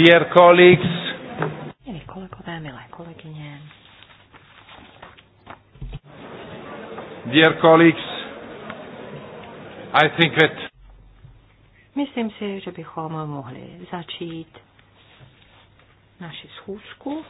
Dear colleagues, Milí kolegové, milé kolegyně. Dear colleagues, I think that Myslím si, že bychom mohli začít naši schůzku.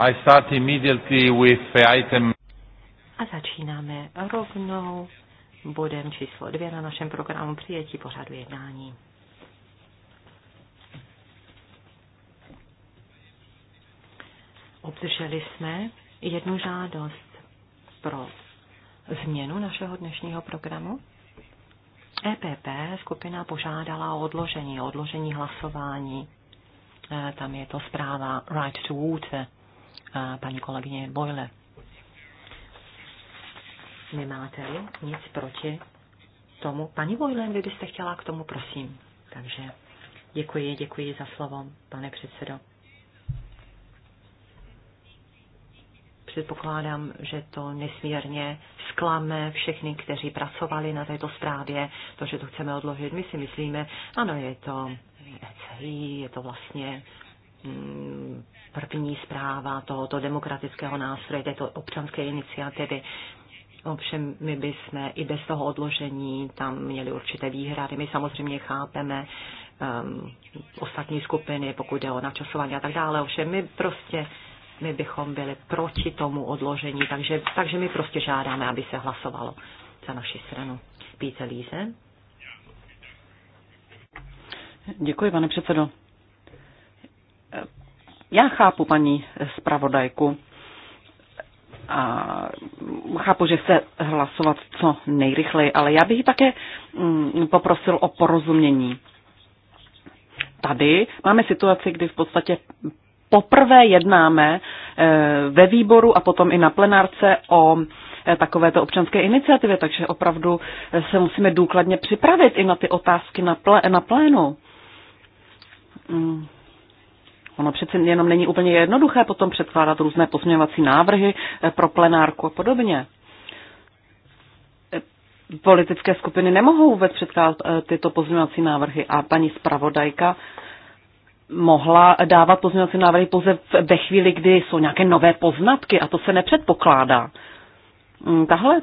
I start immediately with item. A začínáme rovnou bodem číslo dvě na našem programu přijetí pořadu jednání. Obdrželi jsme jednu žádost pro změnu našeho dnešního programu. EPP skupina požádala o odložení, odložení hlasování. E, tam je to zpráva Right to Water paní kolegyně Boyle. Nemáte-li nic proti tomu? Paní vy byste chtěla k tomu, prosím. Takže děkuji, děkuji za slovo, pane předsedo. Předpokládám, že to nesmírně zklame všechny, kteří pracovali na této zprávě, to, že to chceme odložit. My si myslíme, ano, je to ECI, je to vlastně Mm, první zpráva tohoto demokratického nástroje, této občanské iniciativy. Ovšem my bychom i bez toho odložení tam měli určité výhrady. My samozřejmě chápeme um, ostatní skupiny, pokud jde o načasování a tak dále. Ovšem my prostě my bychom byli proti tomu odložení, takže, takže my prostě žádáme, aby se hlasovalo za naši stranu. Píte Líze? Děkuji, pane předsedo. Já chápu paní zpravodajku a chápu, že chce hlasovat co nejrychleji, ale já bych také mm, poprosil o porozumění. Tady máme situaci, kdy v podstatě poprvé jednáme e, ve výboru a potom i na plenárce o e, takovéto občanské iniciativě, takže opravdu e, se musíme důkladně připravit i na ty otázky na, plé, na plénu. Mm. Ono přece jenom není úplně jednoduché potom předkládat různé pozměňovací návrhy eh, pro plenárku a podobně. Eh, politické skupiny nemohou vůbec předkládat eh, tyto pozměňovací návrhy a paní zpravodajka mohla dávat pozměňovací návrhy pouze ve chvíli, kdy jsou nějaké nové poznatky a to se nepředpokládá. Mm, tahle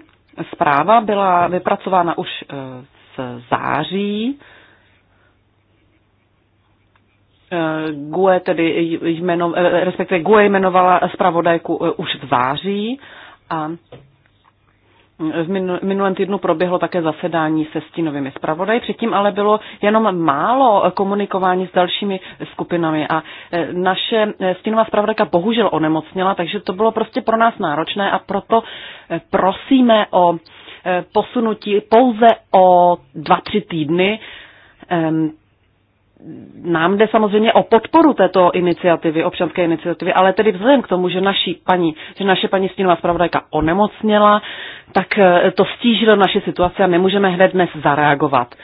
zpráva byla vypracována už z září Eh, GUE tedy jmeno, eh, respektive GUE jmenovala zpravodajku eh, už v září a hm, v minulém týdnu proběhlo také zasedání se stínovými zpravodaji, předtím ale bylo jenom málo komunikování s dalšími skupinami a naše stínová zpravodajka bohužel onemocněla, takže to bylo prostě pro nás náročné a proto prosíme o posunutí pouze o dva, tři týdny ehm, nám jde samozřejmě o podporu této iniciativy, občanské iniciativy, ale tedy vzhledem k tomu, že, naší paní, že naše paní stínová zpravodajka onemocněla, tak eh, to stížilo naši situaci a nemůžeme hned dnes zareagovat.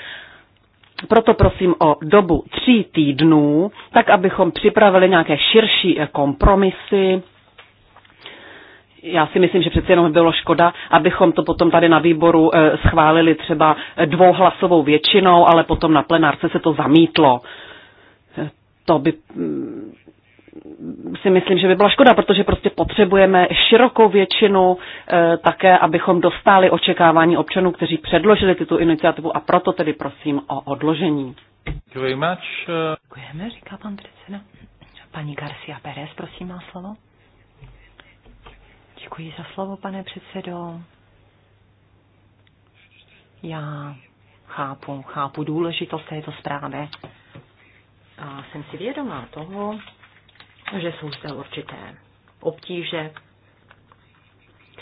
Proto prosím o dobu tří týdnů, tak abychom připravili nějaké širší eh, kompromisy, já si myslím, že přece jenom bylo škoda, abychom to potom tady na výboru eh, schválili třeba eh, dvouhlasovou většinou, ale potom na plenárce se to zamítlo. Eh, to by mm, si myslím, že by byla škoda, protože prostě potřebujeme širokou většinu e, také, abychom dostali očekávání občanů, kteří předložili tuto iniciativu a proto tedy prosím o odložení. Uh, Děkujeme, říká pan předseda. Paní Garcia Pérez, prosím, má slovo. Děkuji za slovo, pane předsedo. Já chápu, chápu důležitost této zprávy a jsem si vědomá toho, že jsou zde určité obtíže,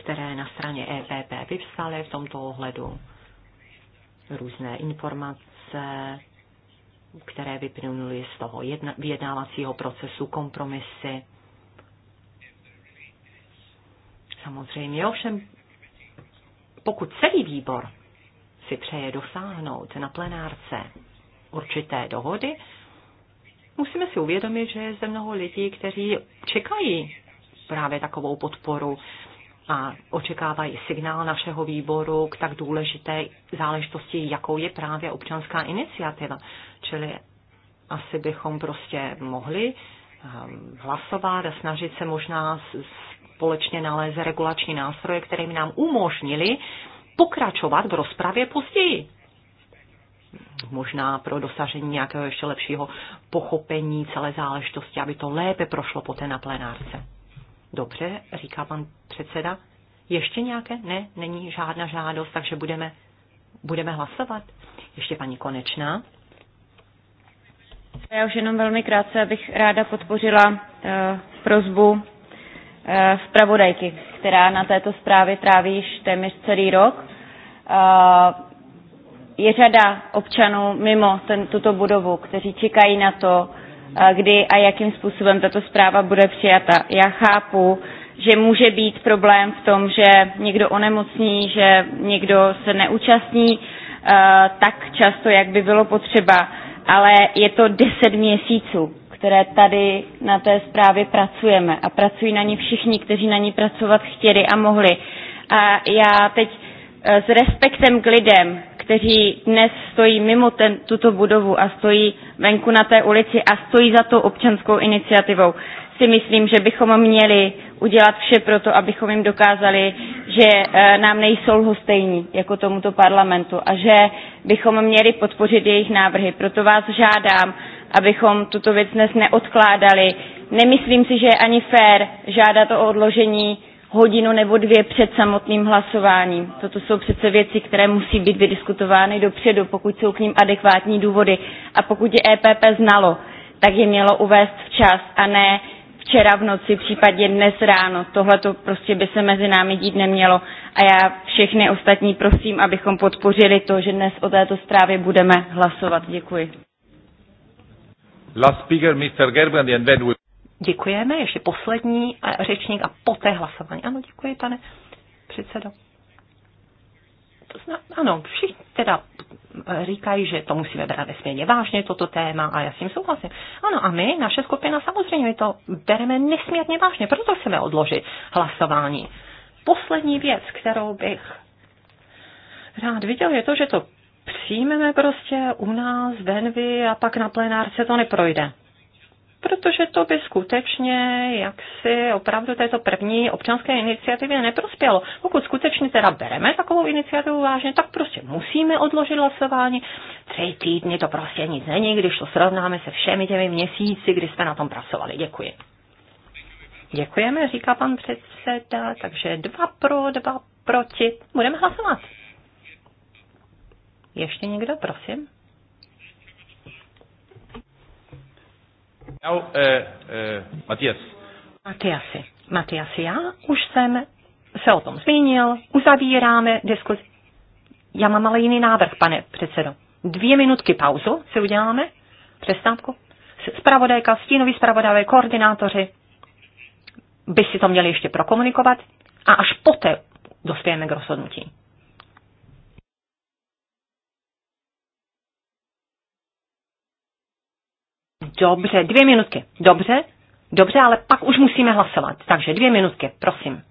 které na straně EPP vypsaly v tomto ohledu. Různé informace, které vyplynuly z toho vyjednávacího procesu, kompromisy, Samozřejmě, ovšem, pokud celý výbor si přeje dosáhnout na plenárce určité dohody, musíme si uvědomit, že je zde mnoho lidí, kteří čekají právě takovou podporu a očekávají signál našeho výboru k tak důležité záležitosti, jakou je právě občanská iniciativa. Čili asi bychom prostě mohli ehm, hlasovat a snažit se možná společně nalézt regulační nástroje, které by nám umožnili pokračovat v rozpravě později. Možná pro dosažení nějakého ještě lepšího pochopení celé záležitosti, aby to lépe prošlo poté na plenárce. Dobře, říká pan předseda. Ještě nějaké? Ne, není žádná žádost, takže budeme, budeme hlasovat. Ještě paní Konečná. Já už jenom velmi krátce bych ráda podpořila uh, eh, prozbu Eh, zpravodajky, která na této zprávě tráví již téměř celý rok. Eh, je řada občanů mimo ten, tuto budovu, kteří čekají na to, eh, kdy a jakým způsobem tato zpráva bude přijata. Já chápu, že může být problém v tom, že někdo onemocní, že někdo se neúčastní tak často, jak by bylo potřeba, ale je to 10 měsíců které tady na té zprávě pracujeme. A pracují na ní všichni, kteří na ní pracovat chtěli a mohli. A já teď eh, s respektem k lidem, kteří dnes stojí mimo ten, tuto budovu a stojí venku na té ulici a stojí za tou občanskou iniciativou, si myslím, že bychom měli udělat vše pro to, abychom jim dokázali, že eh, nám nejsou lhostejní jako tomuto parlamentu a že bychom měli podpořit jejich návrhy. Proto vás žádám, abychom tuto věc dnes neodkládali. Nemyslím si, že je ani fér žádat o odložení hodinu nebo dvě před samotným hlasováním. Toto jsou přece věci, které musí být vydiskutovány dopředu, pokud jsou k ním adekvátní důvody. A pokud je EPP znalo, tak je mělo uvést včas a ne včera v noci, případně dnes ráno. Tohle to prostě by se mezi námi dít nemělo. A já všechny ostatní prosím, abychom podpořili to, že dnes o této zprávě budeme hlasovat. Děkuji. Last speaker, Mr. Gerbrand, and then we... Děkujeme, ještě poslední eh, řečník a poté hlasování. Ano, děkuji, pane předsedo. To zna, ano, všichni teda eh, říkají, že to musíme brát nesmírně vážně, toto téma, a já s tím souhlasím. Ano, a my, naše skupina, samozřejmě my to bereme nesmírně vážně, proto chceme odložit hlasování. Poslední věc, kterou bych rád viděl, je to, že to přijmeme prostě u nás venvy a pak na plenárce to neprojde. Protože to by skutečně jaksi opravdu této první občanské iniciativě neprospělo. Pokud skutečně teda bereme takovou iniciativu vážně, tak prostě musíme odložit hlasování. Tři týdny to prostě nic není, když to srovnáme se všemi těmi měsíci, kdy jsme na tom pracovali. Děkuji. Děkujeme, říká pan předseda, takže dva pro, dva proti. Budeme hlasovat. Ještě někdo, prosím? Now, eh, eh, Matias. Matiasi. Matiasi, já už jsem se o tom zmínil, uzavíráme diskuzi. Já mám ale jiný návrh, pane předsedo. Dvě minutky pauzu si uděláme, přestávku. Spravodajka, stínový spravodajové, koordinátoři by si to měli ještě prokomunikovat a až poté dospějeme k rozhodnutí. Dobře, dvě minutky. Dobře, dobře, ale pak už musíme hlasovat. Takže dvě minutky, prosím.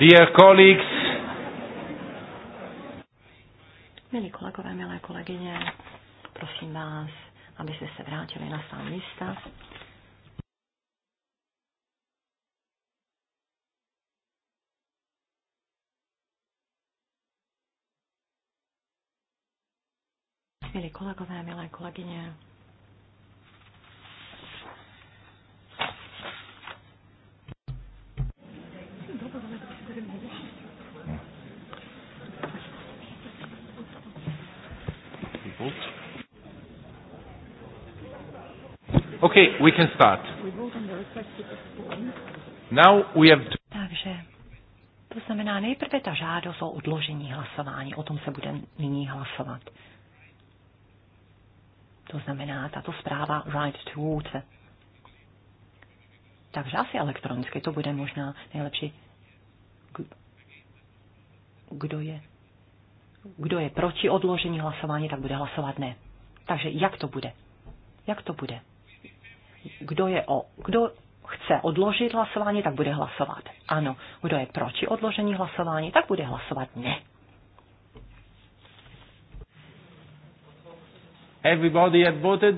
Dear colleagues, Milí kolegové, milé kolegyně, prosím vás, abyste se vrátili na svá místa. Milí kolegové, milé kolegyně, Okay, we can start. Now we have to... Takže to znamená nejprve ta žádost o odložení hlasování. O tom se bude nyní hlasovat. To znamená tato zpráva Right to Water. Takže asi elektronicky to bude možná nejlepší. Kdo je, kdo je proti odložení hlasování, tak bude hlasovat ne. Takže jak to bude? Jak to bude? kdo, je o, kdo chce odložit hlasování, tak bude hlasovat ano. Kdo je proti odložení hlasování, tak bude hlasovat ne. Everybody had voted.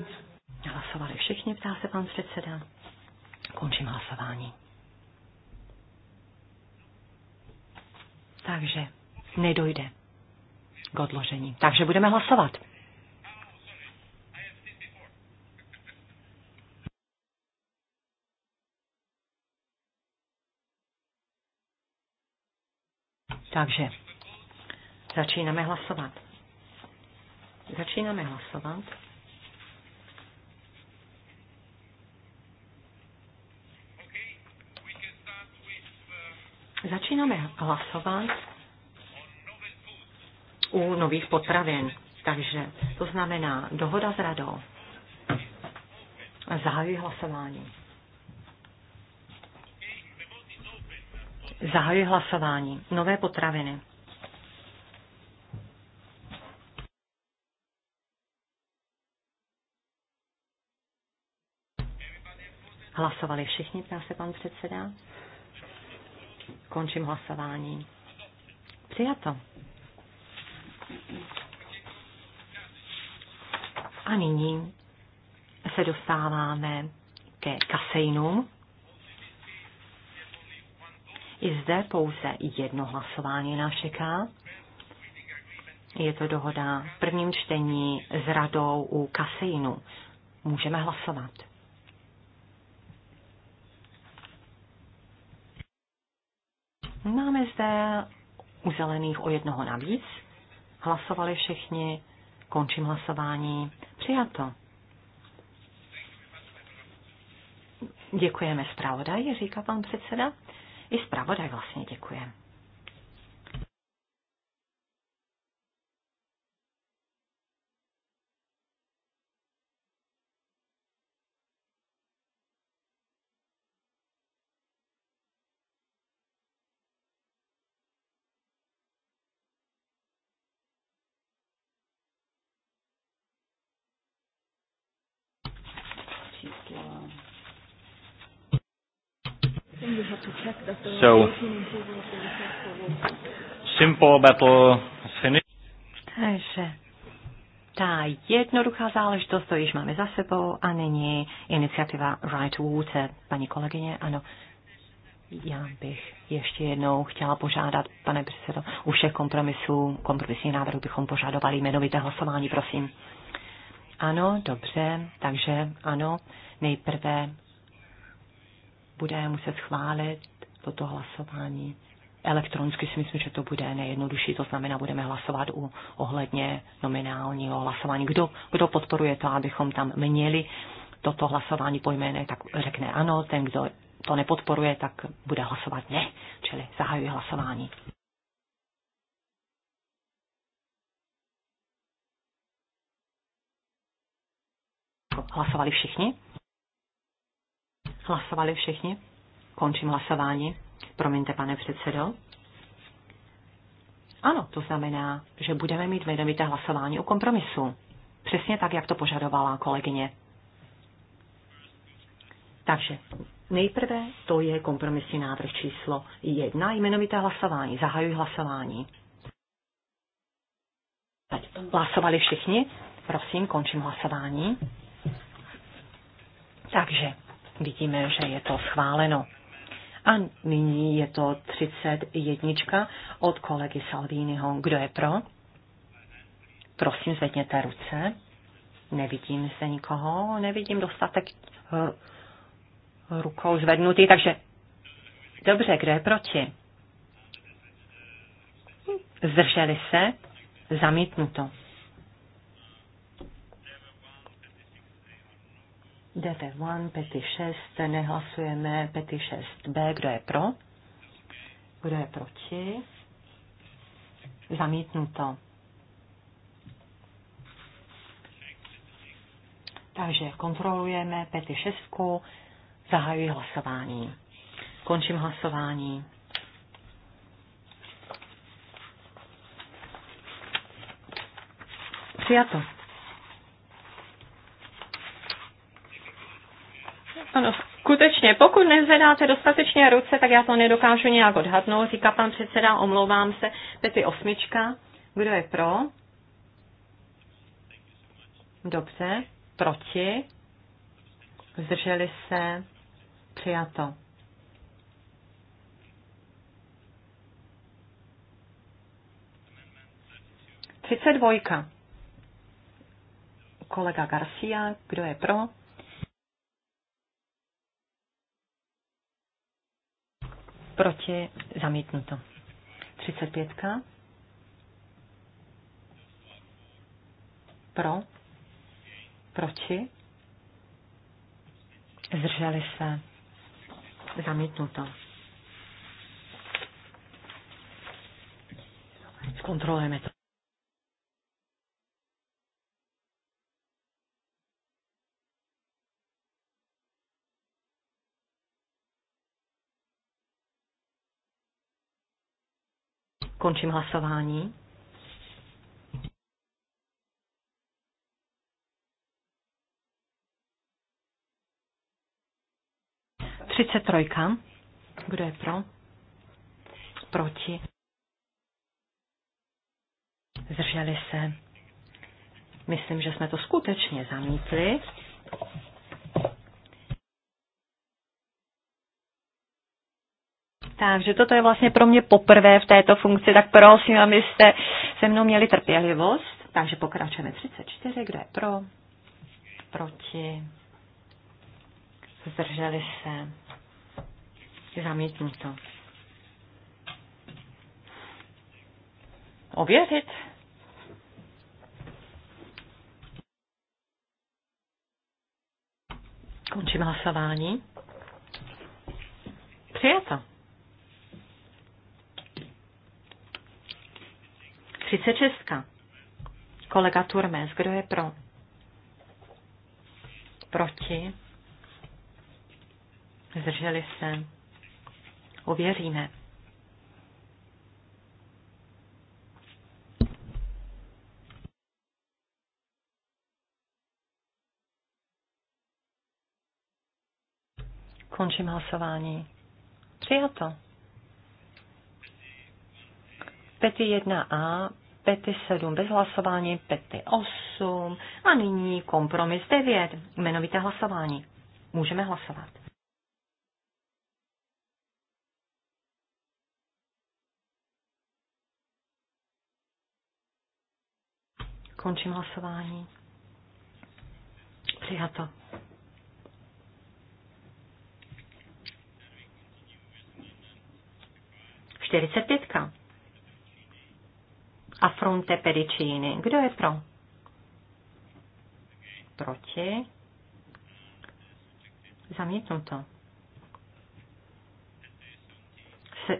Hlasovali všichni, ptá se pan předseda. Končím hlasování. Takže nedojde k odložení. Takže budeme hlasovat. Takže začínáme hlasovat. Začínáme hlasovat. Začínáme hlasovat u nových potravin. Takže to znamená dohoda s radou. Zahajuji hlasování. Zahajuji hlasování. Nové potraviny. Hlasovali všichni, ptá se pan předseda. Končím hlasování. Přijato. A nyní se dostáváme ke kasejnům. I zde pouze jedno hlasování nás čeká. Je to dohoda v prvním čtení s radou u kaseinu. Můžeme hlasovat. Máme zde u zelených o jednoho navíc. Hlasovali všichni. Končím hlasování. Přijato. Děkujeme zpravodaj, říká pan předseda. I zpravodaj vlastně děkuje. So, simple battle is finished. Takže ta jednoduchá záležitost, to již máme za sebou a nyní iniciativa Right Water. Paní kolegyně, ano, já bych ještě jednou chtěla požádat, pane předsedo, u všech kompromisů, kompromisní návrhu bychom požádovali jmenovité hlasování, prosím. Ano, dobře, takže ano, nejprve bude muset schválit toto hlasování elektronicky si myslím, že to bude nejjednodušší, to znamená, budeme hlasovat u ohledně nominálního hlasování. Kdo, kdo podporuje to, abychom tam měli toto hlasování po tak řekne ano, ten, kdo to nepodporuje, tak bude hlasovat ne, čili zahajuje hlasování. Hlasovali všichni? Hlasovali všichni? Končím hlasování. Promiňte, pane předsedo. Ano, to znamená, že budeme mít vědomité hlasování o kompromisu. Přesně tak, jak to požadovala kolegyně. Takže nejprve to je kompromisní návrh číslo jedna, jmenovité hlasování. Zahajuji hlasování. Hlasovali všichni? Prosím, končím hlasování. Takže Vidíme, že je to schváleno. A nyní je to 31 od kolegy Salviniho. Kdo je pro? Prosím, zvedněte ruce. Nevidím se nikoho, nevidím dostatek eh, rukou zvednutý, takže dobře, kdo je proti? Zdrželi se? Zamítnuto. DV1, pety 6, nehlasujeme, pety 6b, kdo je pro? Kdo je proti? Zamítnuto. Takže kontrolujeme pety šestku zahajuji hlasování. Končím hlasování. Přijato. Ano, skutečně, pokud nezvedáte dostatečně ruce, tak já to nedokážu nějak odhadnout, říká pan předseda, omlouvám se. Pety osmička, kdo je pro? Dobře, proti? Zdrželi se? Přijato. Třicet dvojka. Kolega Garcia, kdo je pro? proti, zamítnuto. 35. Pro, proti, zdrželi se, zamítnuto. Zkontrolujeme to. Končím hlasování. Třicet trojka. Kdo je pro? Proti. Zdrželi se. Myslím, že jsme to skutečně zamítli. Takže toto je vlastně pro mě poprvé v této funkci, tak prosím, abyste se mnou měli trpělivost. Takže pokračujeme 34, kdo je pro, proti, zdrželi se, Zamítnu to. Ověřit? Končím hlasování. Přijato. 36. Kolega Turmes, kdo je pro? Proti? Zdrželi se? Ověříme. Končím hlasování. Přijato pety 1a, pety 7 bez hlasování, pety 8 a nyní kompromis 9, jmenovité hlasování. Můžeme hlasovat. Končím hlasování. Přijato. Čtyřicet pětka fronte Pedicini. Kdo je pro? Proti? Zamítnuto.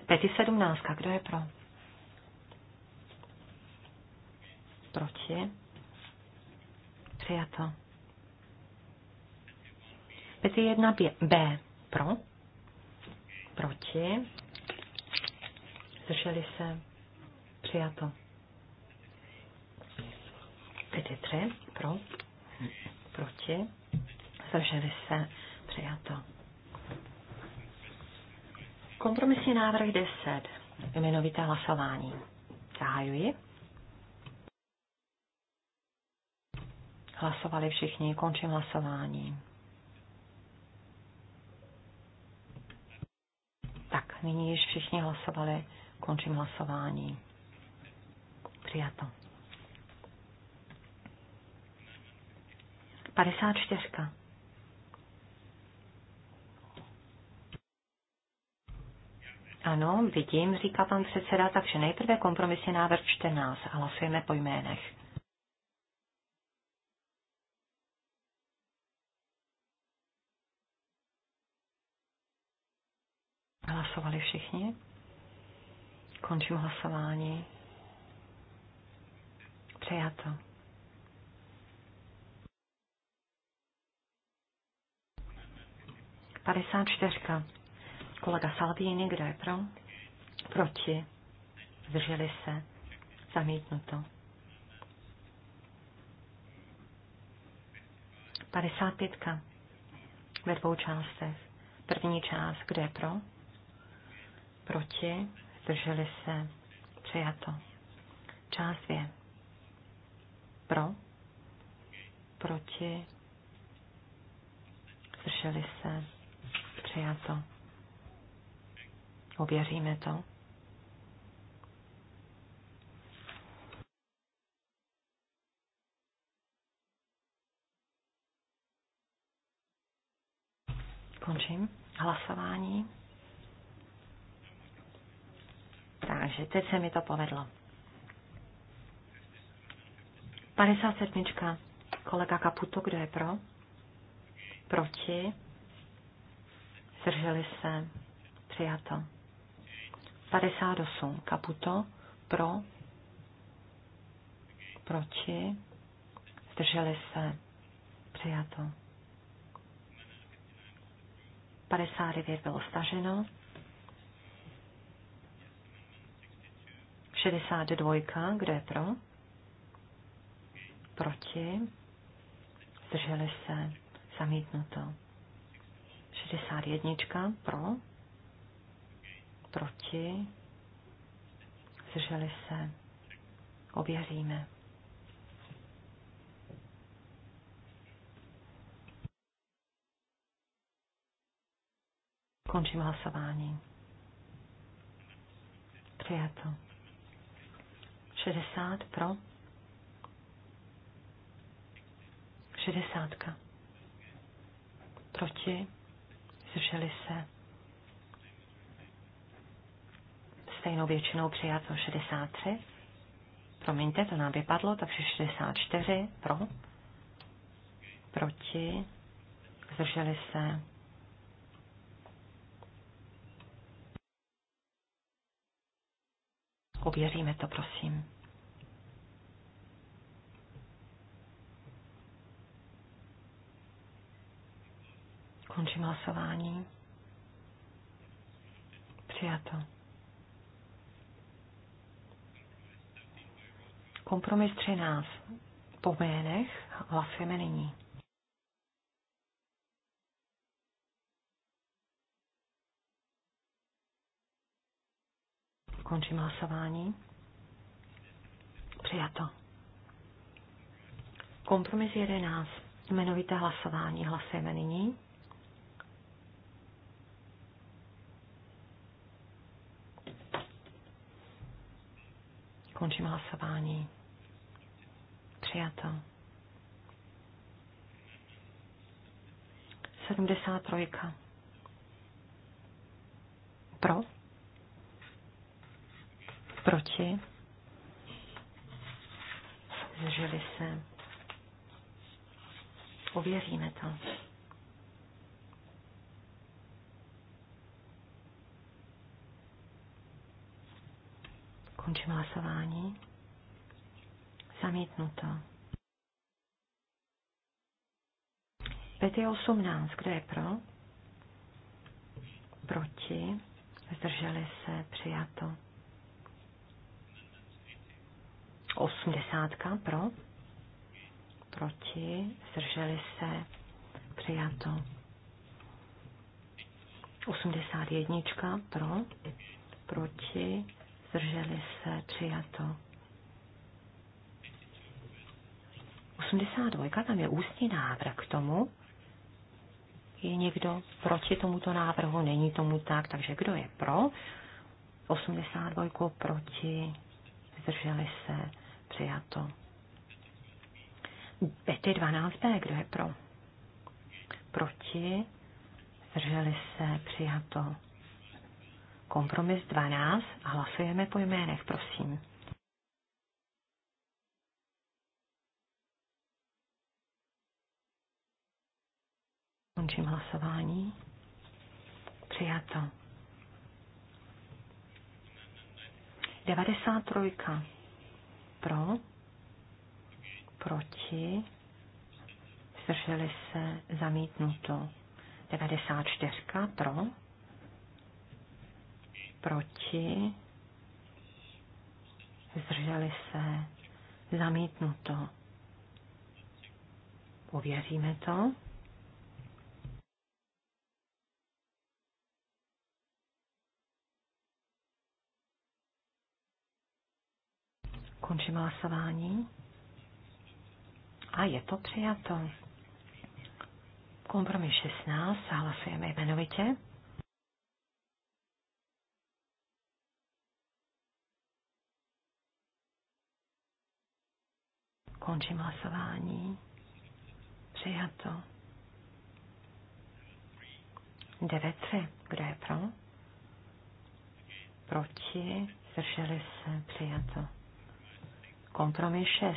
Peti sedmnáctka. Kdo je pro? Proti? Přijato. Peti jedna B. B. Pro? Proti? Zdrželi se. Přijato. Tedy tři pro, proti, zdrželi se, přijato. Kompromisní návrh 10, jmenovité hlasování. Zahajuji. Hlasovali všichni, končím hlasování. Tak, nyní již všichni hlasovali, končím hlasování. Přijato. 54. Ano, vidím, říká pan předseda, takže nejprve kompromisní návrh 14 a hlasujeme po jménech. Hlasovali všichni? Končím hlasování. Přijato. 54. Kolega Salvini, kdo je pro? Proti. Zdrželi se. Zamítnuto. 55. Ve dvou částech. První část, kdo je pro? Proti. Zdrželi se. Přijato. Část 2. Pro. Proti. Zdrželi se Přijato. Uvěříme to. Končím hlasování. Takže teď se mi to povedlo. 57. Kolega Kaputo, kdo je pro? Proti? zdrželi se, přijato. 58. Kaputo, pro, Proči zdrželi se, přijato. 59 bylo staženo. 62, kdo je pro? Proti, zdrželi se, zamítnuto. 61 pro, proti, zdrželi se, ověříme. Končím hlasování. Přijato. 60 pro. 60. Proti zdrželi se. Stejnou většinou přijato 63. Promiňte, to nám vypadlo, takže 64 pro, proti, zdrželi se. Ověříme to, prosím. Končím hlasování. Přijato. Kompromis 13. Po jménech hlasujeme nyní. Končím hlasování. Přijato. Kompromis 11. Jmenovité hlasování. Hlasujeme nyní. Končím hlasování. Přijato. 73. Pro? Proti? Zdrželi se. Ověříme to. Končím hlasování. Zamítnuto. Pět je osmnáct. Kdo je pro? Proti? Zdrželi se? Přijato. Osmdesátka pro? Proti? Zdrželi se? Přijato. Osmdesát jednička pro? Proti? zdrželi se, přijato. 82, tam je ústní návrh k tomu. Je někdo proti tomuto návrhu? Není tomu tak, takže kdo je pro? 82 proti, zdrželi se, přijato. Bety 12b, kdo je pro? Proti, zdrželi se, přijato. Kompromis 12 a hlasujeme po jménech, prosím. Končím hlasování. Přijato. 93. Pro. Proti. Zdrželi se zamítnuto. 94. Pro proti, zdrželi se, Zamítnu to? Uvěříme to. Končím hlasování. A je to přijato. Kompromis 16, hlasujeme jmenovitě. Končím hlasování. Přijato. 9.3. Kdo je pro? Proti? Zdrželi se? Přijato. Kompromis 6.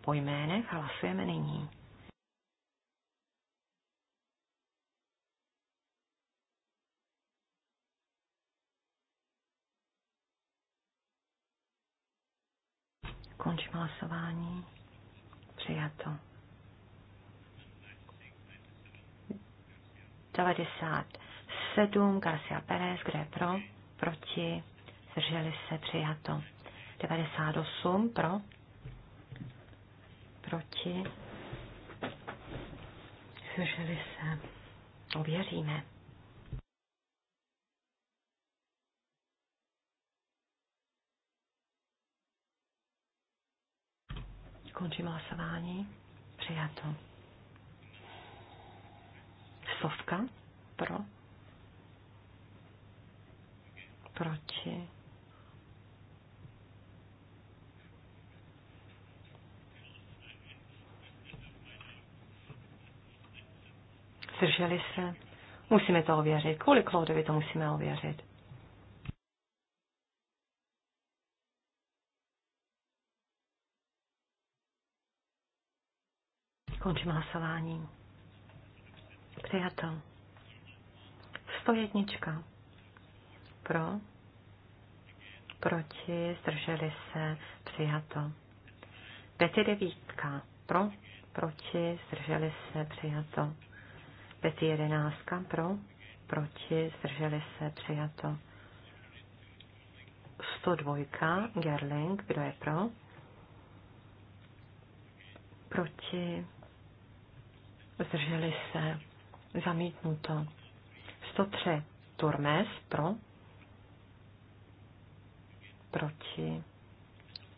Po jménech hlasujeme nyní. Končím hlasování. Přijato. 97 Garcia Pérez, kdo je pro? Proti? Zdrželi se? Přijato. 98 pro? Proti? Zdrželi se? Ověříme. Končím hlasování. Přijato. Sovka pro. Proti. Zdrželi se. Musíme to ověřit. Kvůli Klaudovi to musíme ověřit. Končím hlasování. Přijato. 101. Pro. Proti. Zdrželi se. Přijato. 59. Pro. Proti. Zdrželi se. Přijato. 511. Pro. Proti. Zdrželi se. Přijato. 102. Gerling. Kdo je pro? Proti zdrželi se, zamítnuto. 103 Turmes pro, proti,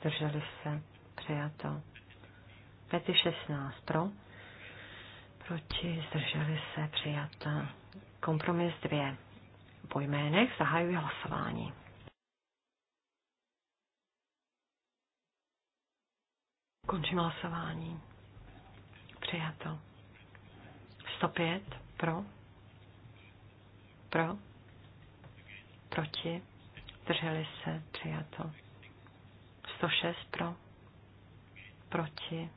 zdrželi se, přijato. 516 pro, proti, zdrželi se, přijato. Kompromis 2. Po jménech zahajuji hlasování. Končím hlasování. Přijato. 105 pro, pro, proti, drželi se, přijato. 106 pro, proti,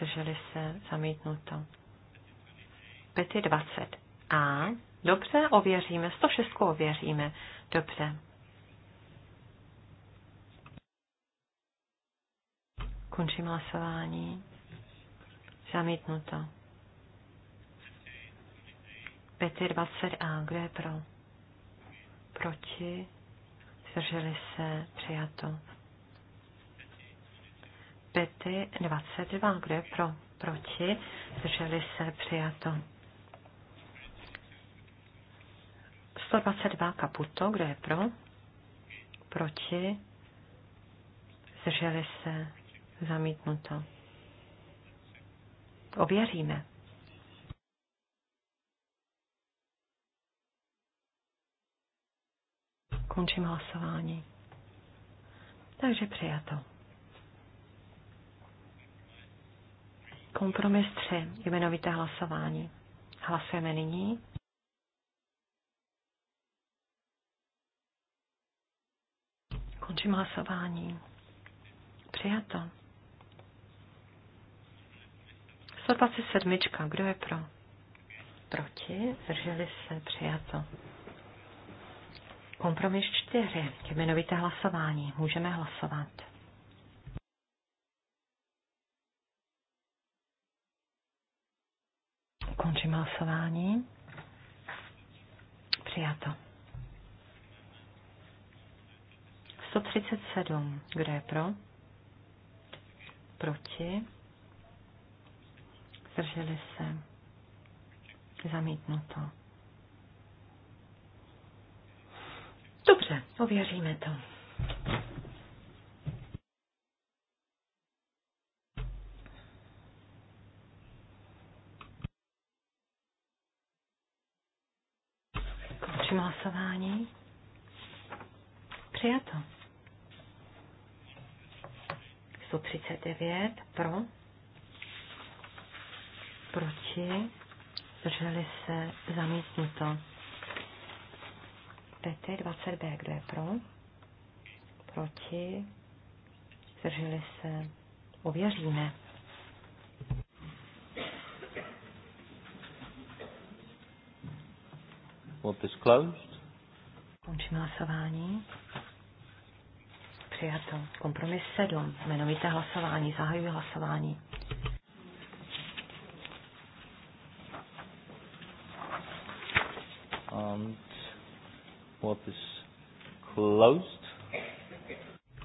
drželi se, zamítnuto. 520 a, dobře, ověříme, 106 ověříme, dobře. Končím hlasování. Zamítnuto. 25a. Kdo je pro? Proti? Zdrželi se? Přijato. Pety 22. Kdo je pro? Proti? Zdrželi se? Přijato. 122 Kaputo. Kdo je pro? Proti? Zdrželi se? Zamítnuto. Ověříme. Končím hlasování. Takže přijato. Kompromis 3. Jmenovité hlasování. Hlasujeme nyní. Končím hlasování. Přijato. 127. Kdo je pro? Proti? Zdrželi se. Přijato. Kompromis čtyři, Jmenovité hlasování. Můžeme hlasovat. Končím hlasování. Přijato. 137. Kdo je pro? Proti? Zdrželi se. Zamítnuto. Dobře, pověříme to. Končím hlasování. Přijato. 139 pro, proti, Drželi se, zamítnuto pety 20b, kdo je pro, proti, zdrželi se, ověříme. Vote is closed. Končím hlasování. Přijato. Kompromis 7. Jmenovité hlasování. Zahajuji hlasování. What is closed?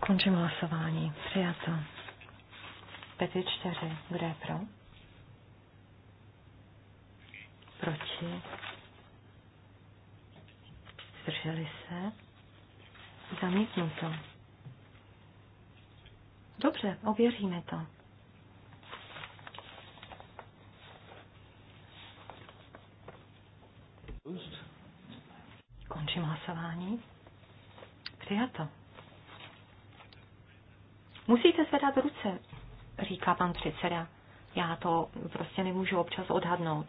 Končím hlasování. Přijato. Pety čtyři. Kdo je pro? Proti? Zdrželi se? Zamítnuto. Dobře, ověříme to. hlasování. Přijato. Musíte zvedat ruce, říká pan předseda. Já to prostě nemůžu občas odhadnout.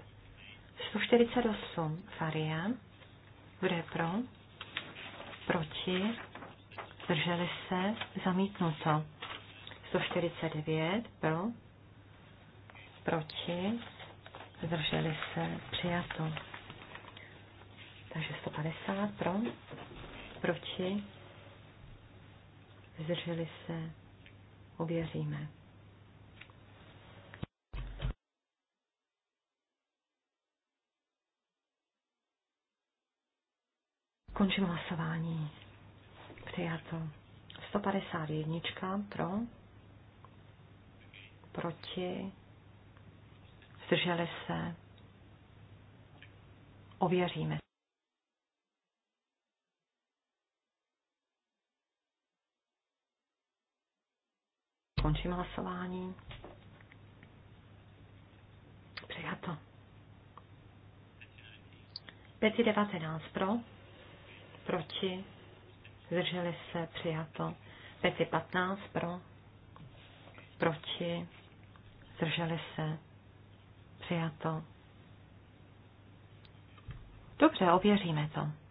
148 Faria. Kdo pro? Proti? Zdrželi se? Zamítnuto. 149 pro? Proti? Zdrželi se? Přijato. Takže 150 pro, proti, zdrželi se, uvěříme. Končím hlasování. Přijato. 151 pro, proti, zdrželi se, ověříme. Končím hlasování. Přijato. 519 pro, proti, zdrželi se, přijato. 515 pro, proti, zdrželi se, přijato. Dobře, ověříme to.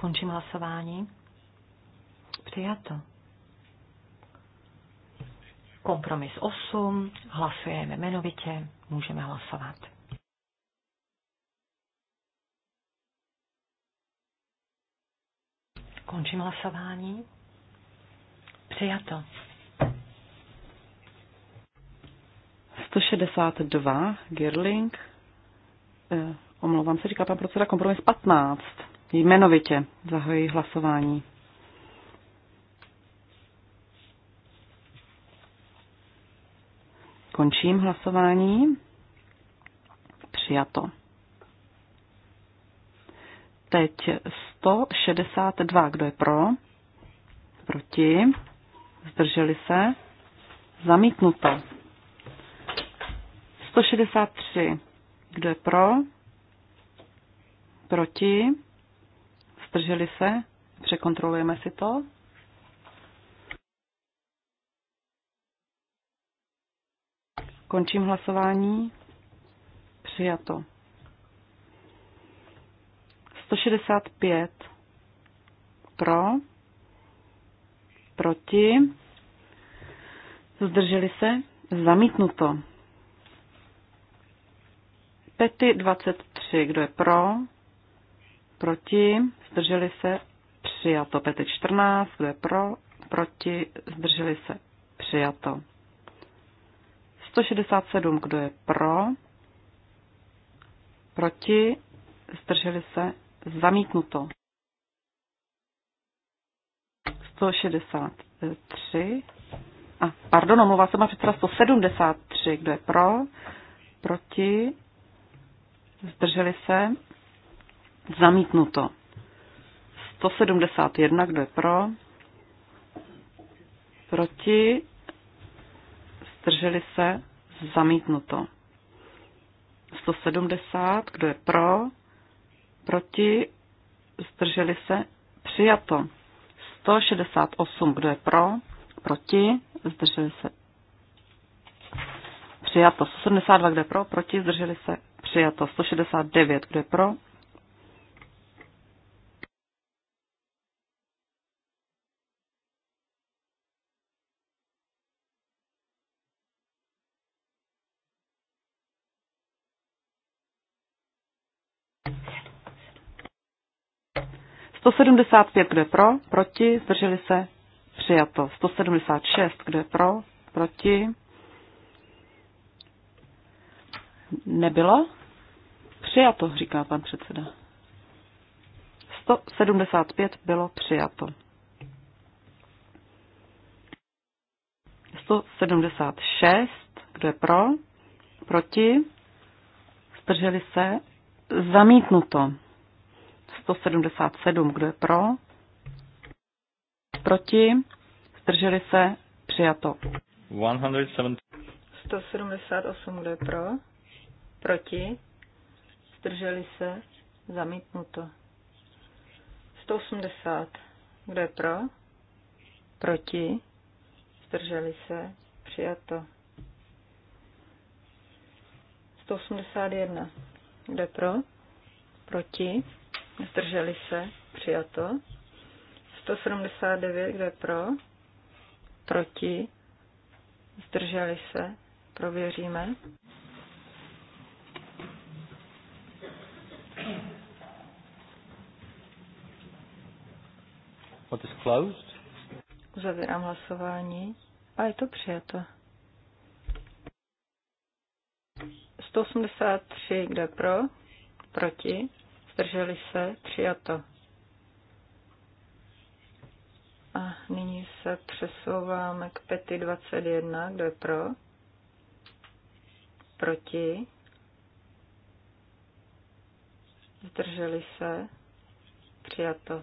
Končím hlasování. Přijato. Kompromis 8. Hlasujeme jmenovitě. Můžeme hlasovat. Končím hlasování. Přijato. 162 Girling. Eh, omlouvám se, říká pan proceda kompromis 15. Jmenovitě zahojí hlasování. Končím hlasování. Přijato. Teď 162. Kdo je pro? Proti? Zdrželi se? Zamítnuto. 163. Kdo je pro? Proti? Zdrželi se? Překontrolujeme si to. Končím hlasování. Přijato. 165 pro, proti, zdrželi se, zamítnuto. Pety 23, kdo je pro, proti, zdrželi se, přijato. Pety 14, kdo je pro, proti, zdrželi se, přijato. 167, kdo je pro, proti, zdrželi se, zamítnuto. 163, a pardon, omlouvá se má předseda 173, kdo je pro, proti, zdrželi se, Zamítnuto. 171, kdo je pro? Proti? Zdrželi se? Zamítnuto. 170, kdo je pro? Proti? Zdrželi se? Přijato. 168, kdo je pro? Proti? Zdrželi se? Přijato. 172, kdo je pro? Proti? Zdrželi se? Přijato. 169, kdo je pro? 175, kdo je pro, proti, zdrželi se, přijato. 176, kdo je pro, proti, nebylo, přijato, říká pan předseda. 175 bylo přijato. 176, kdo je pro, proti, zdrželi se, zamítnuto. 177. Kdo je pro? Proti? Zdrželi se? Přijato. 178. Kdo je pro? Proti? Zdrželi se? Zamítnuto. 180. Kdo je pro? Proti? Zdrželi se? Přijato. 181. Kdo je pro? Proti? zdrželi se, přijato. 179, kde pro, proti, zdrželi se, prověříme. What is closed? Uzavírám hlasování a je to přijato. 183, kde pro, proti, zdrželi se, přijato. A nyní se přesouváme k pety 21, kdo je pro, proti, zdrželi se, přijato.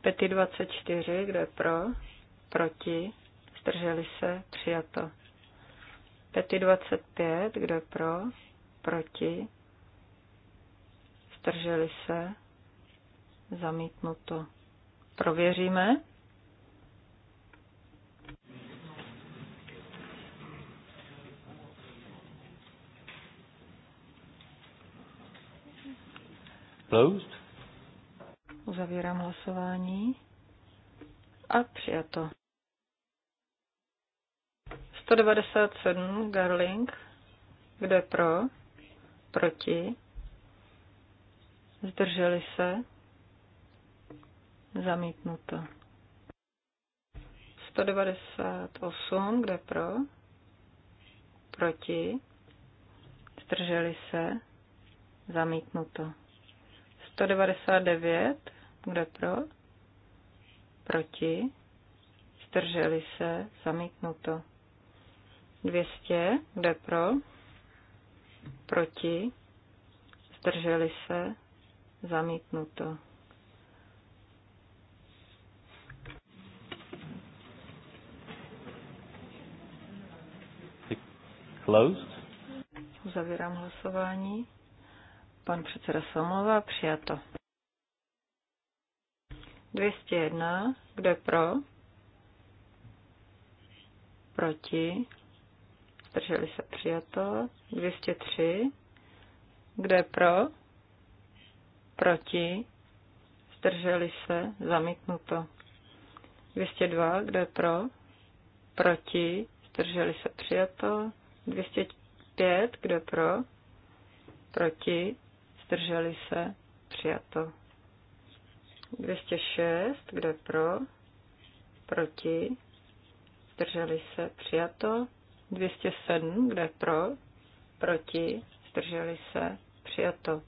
Pety 24, kdo je pro, proti, zdrželi se, přijato. Pety 25, kdo je pro, proti, zdrželi se, zamítnuto. Prověříme. Closed. Uzavírám hlasování a přijato. 197 Garling. Kdo je pro? Proti? zdrželi se, zamítnuto. 198, kde pro, proti, zdrželi se, zamítnuto. 199, kde pro, proti, zdrželi se, zamítnuto. 200, kde pro, proti, zdrželi se, zamítnuto. Closed. Uzavírám hlasování. Pan předseda Somlova, přijato. 201. Kdo je pro? Proti? Drželi se přijato. 203. Kdo je pro? proti, zdrželi se, zamítnuto. 202, kdo je pro, proti, zdrželi se, přijato. 205, kdo je pro, proti, zdrželi se, přijato. 206, kdo je pro, proti, zdrželi se, přijato. 207, kdo je pro, proti, zdrželi se, přijato.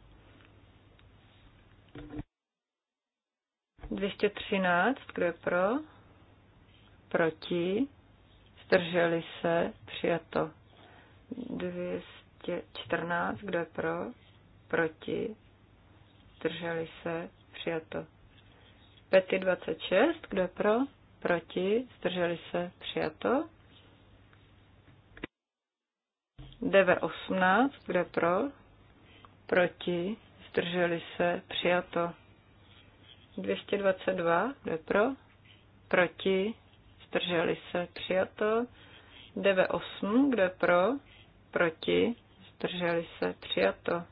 213, kdo je pro? Proti? Zdrželi se? Přijato. 214, kdo je pro? Proti? Zdrželi se? Přijato. Pety 26, kdo je pro? Proti? Zdrželi se? Přijato. 918, 18 kdo je pro? Proti? zdrželi se, přijato. 222, jde pro, proti, zdrželi se, přijato. 98, kde pro, proti, zdrželi se, přijato.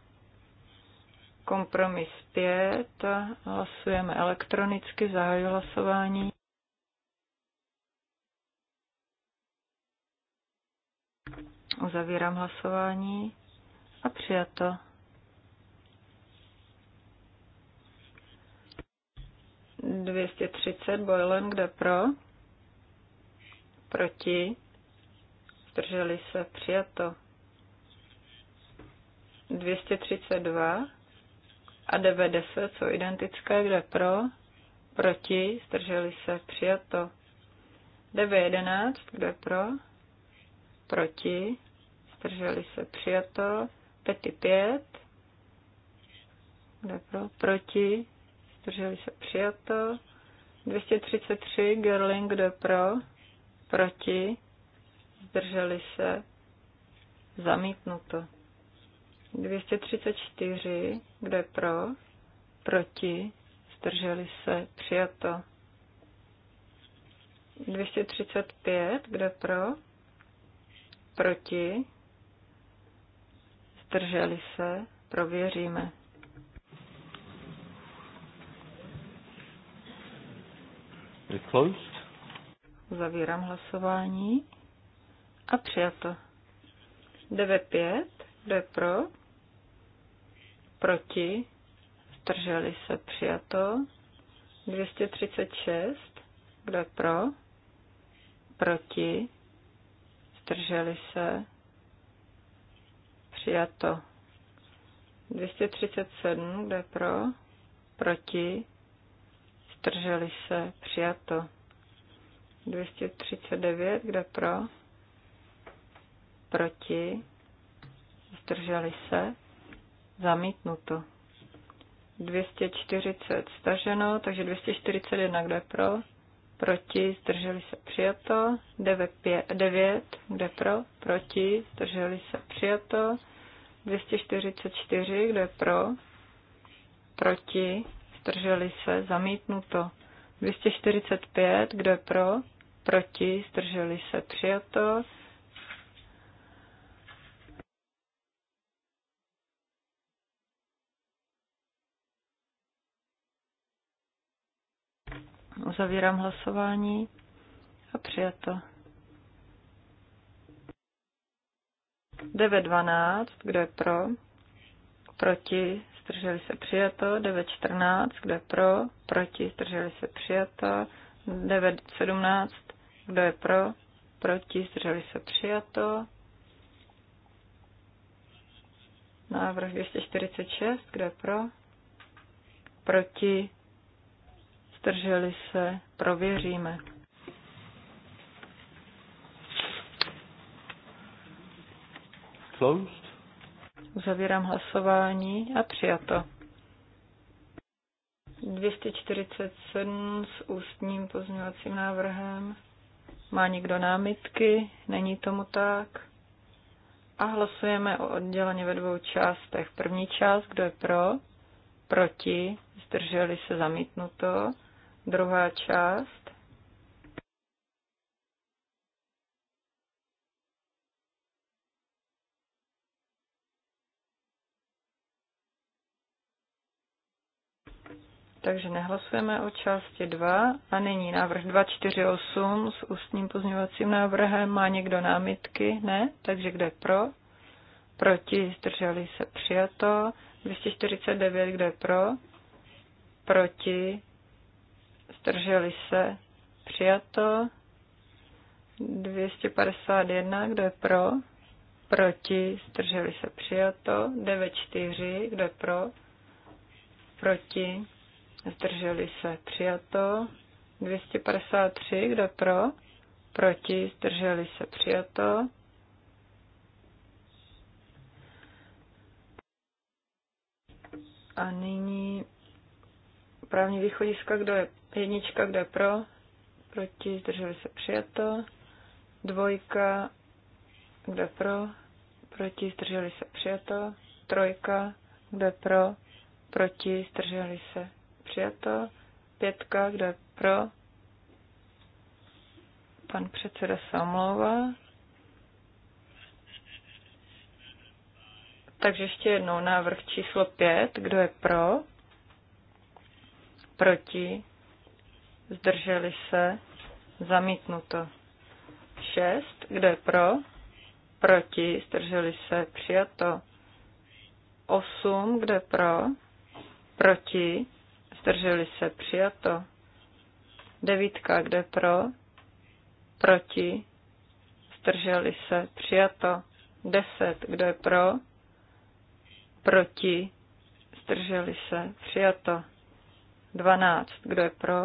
Kompromis 5, hlasujeme elektronicky, zahajuji hlasování. Uzavírám hlasování a přijato. 230 Boylan, kde pro? Proti? Zdrželi se, přijato. 232 a 90 jsou identické, kde pro? Proti? Zdrželi se, přijato. 911, kde pro? Proti? Zdrželi se, přijato. 55, kde pro? Proti? zdrželi se přijato. 233 Gerling, de pro, proti, zdrželi se zamítnuto. 234, kde pro, proti, zdrželi se přijato. 235, kde pro, proti, zdrželi se, prověříme. Zavírám hlasování. A přijato. 9-5. Kdo je pro? Proti? Zdrželi se. Přijato. 236. Kdo je pro? Proti? Zdrželi se. Přijato. 237. Kdo je pro? Proti? zdrželi se, přijato. 239, kde pro, proti, zdrželi se, zamítnuto. 240 staženo, takže 241, kde pro, proti, zdrželi se, přijato. 9, kde pro, proti, zdrželi se, přijato. 244, kde pro, proti, zdrželi se, zamítnuto. 245, kdo je pro, proti, zdrželi se, přijato. Uzavírám hlasování a přijato. 9.12, kdo je pro, proti, zdrželi se přijato, 9.14, kdo je pro, proti, zdrželi se přijato, 9.17, kdo je pro, proti, zdrželi se přijato, návrh 246, kdo je pro, proti, zdrželi se, prověříme. Close. Uzavírám hlasování a přijato. 247 s ústním pozměňovacím návrhem. Má někdo námitky? Není tomu tak. A hlasujeme o odděleně ve dvou částech. První část, kdo je pro, proti, zdrželi se zamítnuto. Druhá část, Takže nehlasujeme o části 2 a nyní návrh 248 s ústním pozměňovacím návrhem. Má někdo námitky? Ne? Takže kde pro? Proti? Zdrželi se? Přijato. 249, kde pro? Proti? Zdrželi se? Přijato. 251, kdo je pro? Proti, zdrželi se přijato. 94, kdo je pro? Proti, zdrželi se, přijato. 253, kdo pro, proti, zdrželi se, přijato. A nyní právní východiska, kdo je jednička, kdo je pro, proti, zdrželi se, přijato. Dvojka, kdo je pro, proti, zdrželi se, přijato. Trojka, kdo je pro, proti, zdrželi se, přijato. Pětka, kdo je pro? Pan předseda se omlouvá. Takže ještě jednou návrh číslo pět Kdo je pro? Proti? Zdrželi se? Zamítnuto. šest Kdo je pro? Proti? Zdrželi se? Přijato. osm Kdo je pro? Proti? zdrželi se, přijato. Devítka, kde pro, proti, zdrželi se, přijato. Deset, kdo je pro, proti, zdrželi se, přijato. Dvanáct, kdo je pro,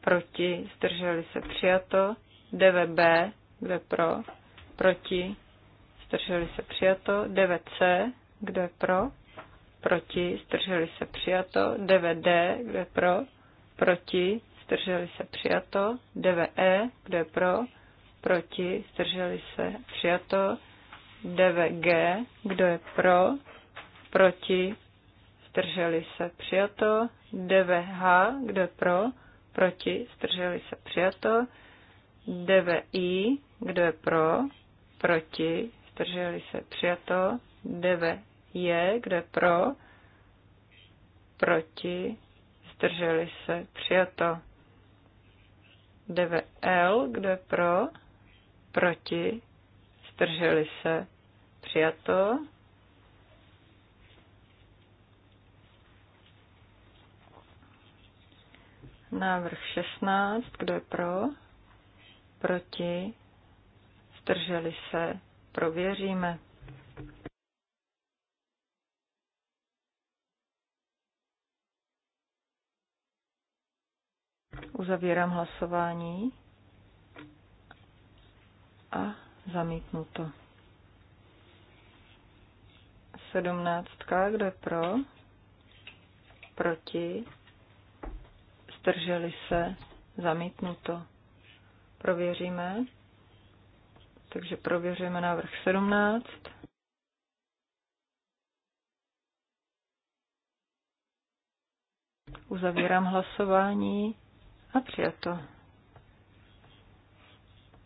proti, zdrželi se, přijato. 9b, kdo je pro, proti, zdrželi se, přijato. 9c, kdo je pro, proti, zdrželi se přijato, 9D, kdo je pro, proti, zdrželi se přijato, 9E, kdo je pro, proti, zdrželi se přijato, 9G, kdo je pro, proti, zdrželi se přijato, 9H, kdo je pro, proti, zdrželi se přijato, 9I, kdo je pro, proti, zdrželi se přijato, 9 je, kde pro, proti, zdrželi se, přijato. DVL, kde pro, proti, zdrželi se, přijato. Návrh 16, kdo je pro, proti, zdrželi se, prověříme. Uzavírám hlasování a to. Sedmnáctka, kdo je pro? Proti? Strželi se? Zamítnuto. Prověříme. Takže prověříme návrh 17. Uzavírám hlasování a přijato.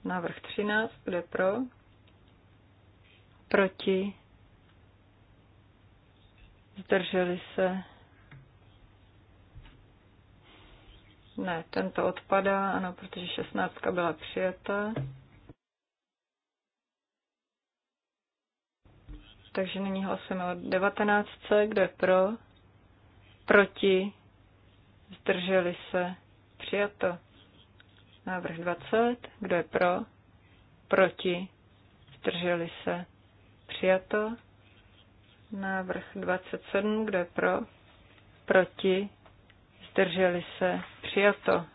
Návrh 13, kde pro, proti, zdrželi se, ne, tento odpadá, ano, protože 16 byla přijata. Takže nyní hlasujeme o 19, kdo je pro, proti, zdrželi se, Přijato. Návrh 20. Kdo je pro? Proti? Zdrželi se? Přijato. Návrh 27. Kdo je pro? Proti? Zdrželi se? Přijato.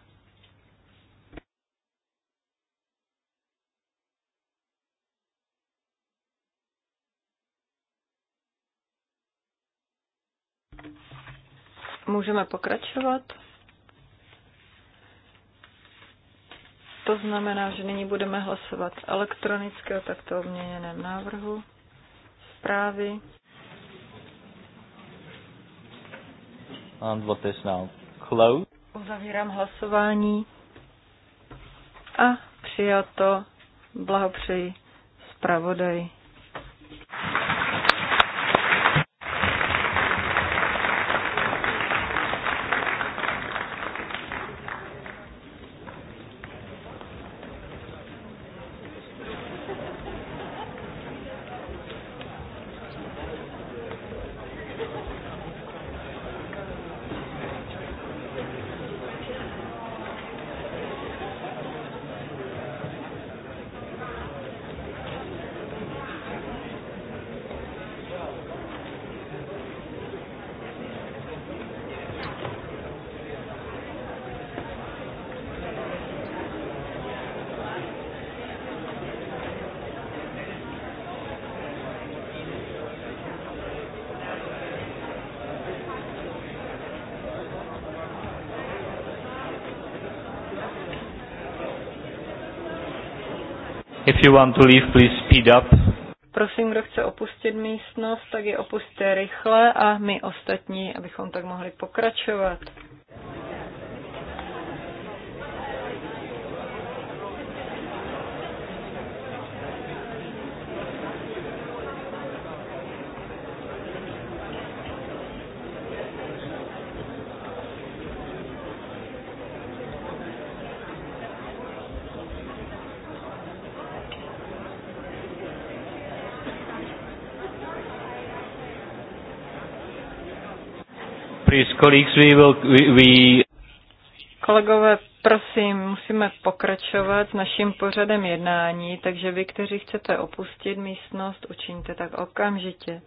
Můžeme pokračovat. To znamená, že nyní budeme hlasovat elektronicky o takto obměněném návrhu zprávy. And what is now closed. Uzavírám hlasování a přijato blahopřeji zpravodaj. If you want to leave, please speed up. Prosím, kdo chce opustit místnost, tak je opuste rychle a my ostatní, abychom tak mohli pokračovat. Colleagues, we will, we, we... Kolegové, prosím, musíme pokračovat s naším pořadem jednání, takže vy, kteří chcete opustit místnost, učiňte tak okamžitě.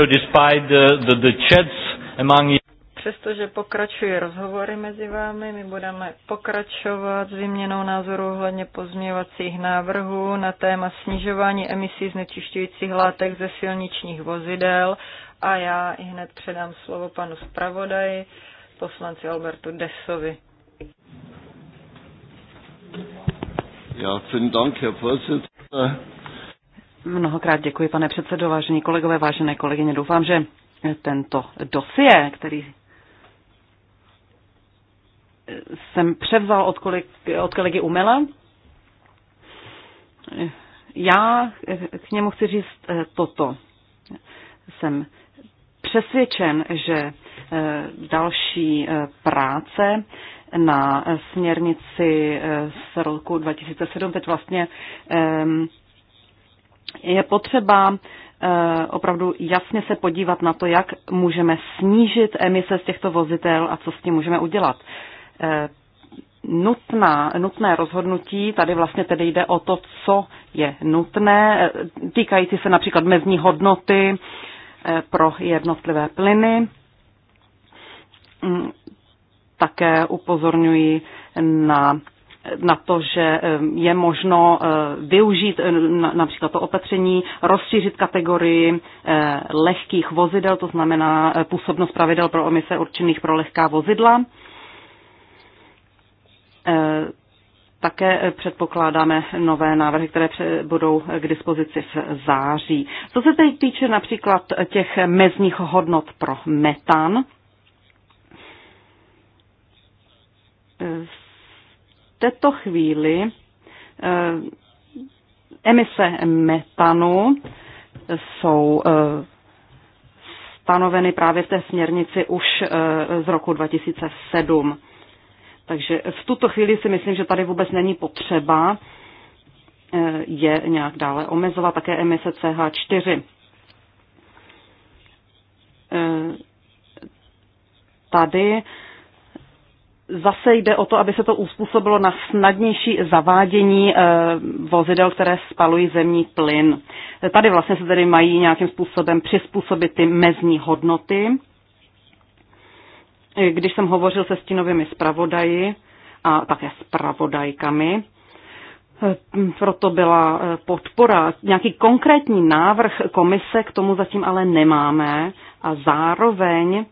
so despite the, the, the chats among you, Přestože pokračují rozhovory mezi vámi, my budeme pokračovat s výměnou názoru ohledně pozměvacích návrhů na téma snižování emisí znečišťujících látek ze silničních vozidel a já i hned předám slovo panu zpravodaji, poslanci Albertu Desovi. Já, vielen Dank, Herr Mnohokrát děkuji, pane předsedo, vážení kolegové, vážené kolegyně. Doufám, že tento dosie, který jsem převzal od, kolik, od kolegy Umela, já k němu chci říct eh, toto. Jsem přesvědčen, že eh, další eh, práce na směrnici z roku 2007, teď vlastně ehm, je potřeba eh, opravdu jasně se podívat na to, jak můžeme snížit emise z těchto vozitel a co s tím můžeme udělat. Eh, nutná, nutné rozhodnutí, tady vlastně tedy jde o to, co je nutné, eh, týkající se například mezní hodnoty pro jednotlivé plyny. Mm, také upozorňuji na na to, že eh, je možno eh, využít eh, například to opatření, rozšířit kategorii lehkých vozidel, to znamená působnost pravidel pro emise určených pro lehká vozidla. Také předpokládáme nové návrhy, které budou k dispozici v září. Co se teď týče například těch mezních hodnot pro metan, této chvíli eh, emise metanu jsou eh, stanoveny právě v té směrnici už eh, z roku 2007. Takže v tuto chvíli si myslím, že tady vůbec není potřeba je nějak dále omezovat také emise CH4. Tady Zase jde o to, aby se to uspůsobilo na snadnější zavádění eh, vozidel, které spalují zemní plyn. Tady vlastně se tedy mají nějakým způsobem přizpůsobit ty mezní hodnoty. Eh, když jsem hovořil se stínovými zpravodaji a také zpravodajkami, eh, proto byla podpora. Nějaký konkrétní návrh komise k tomu zatím ale nemáme a zároveň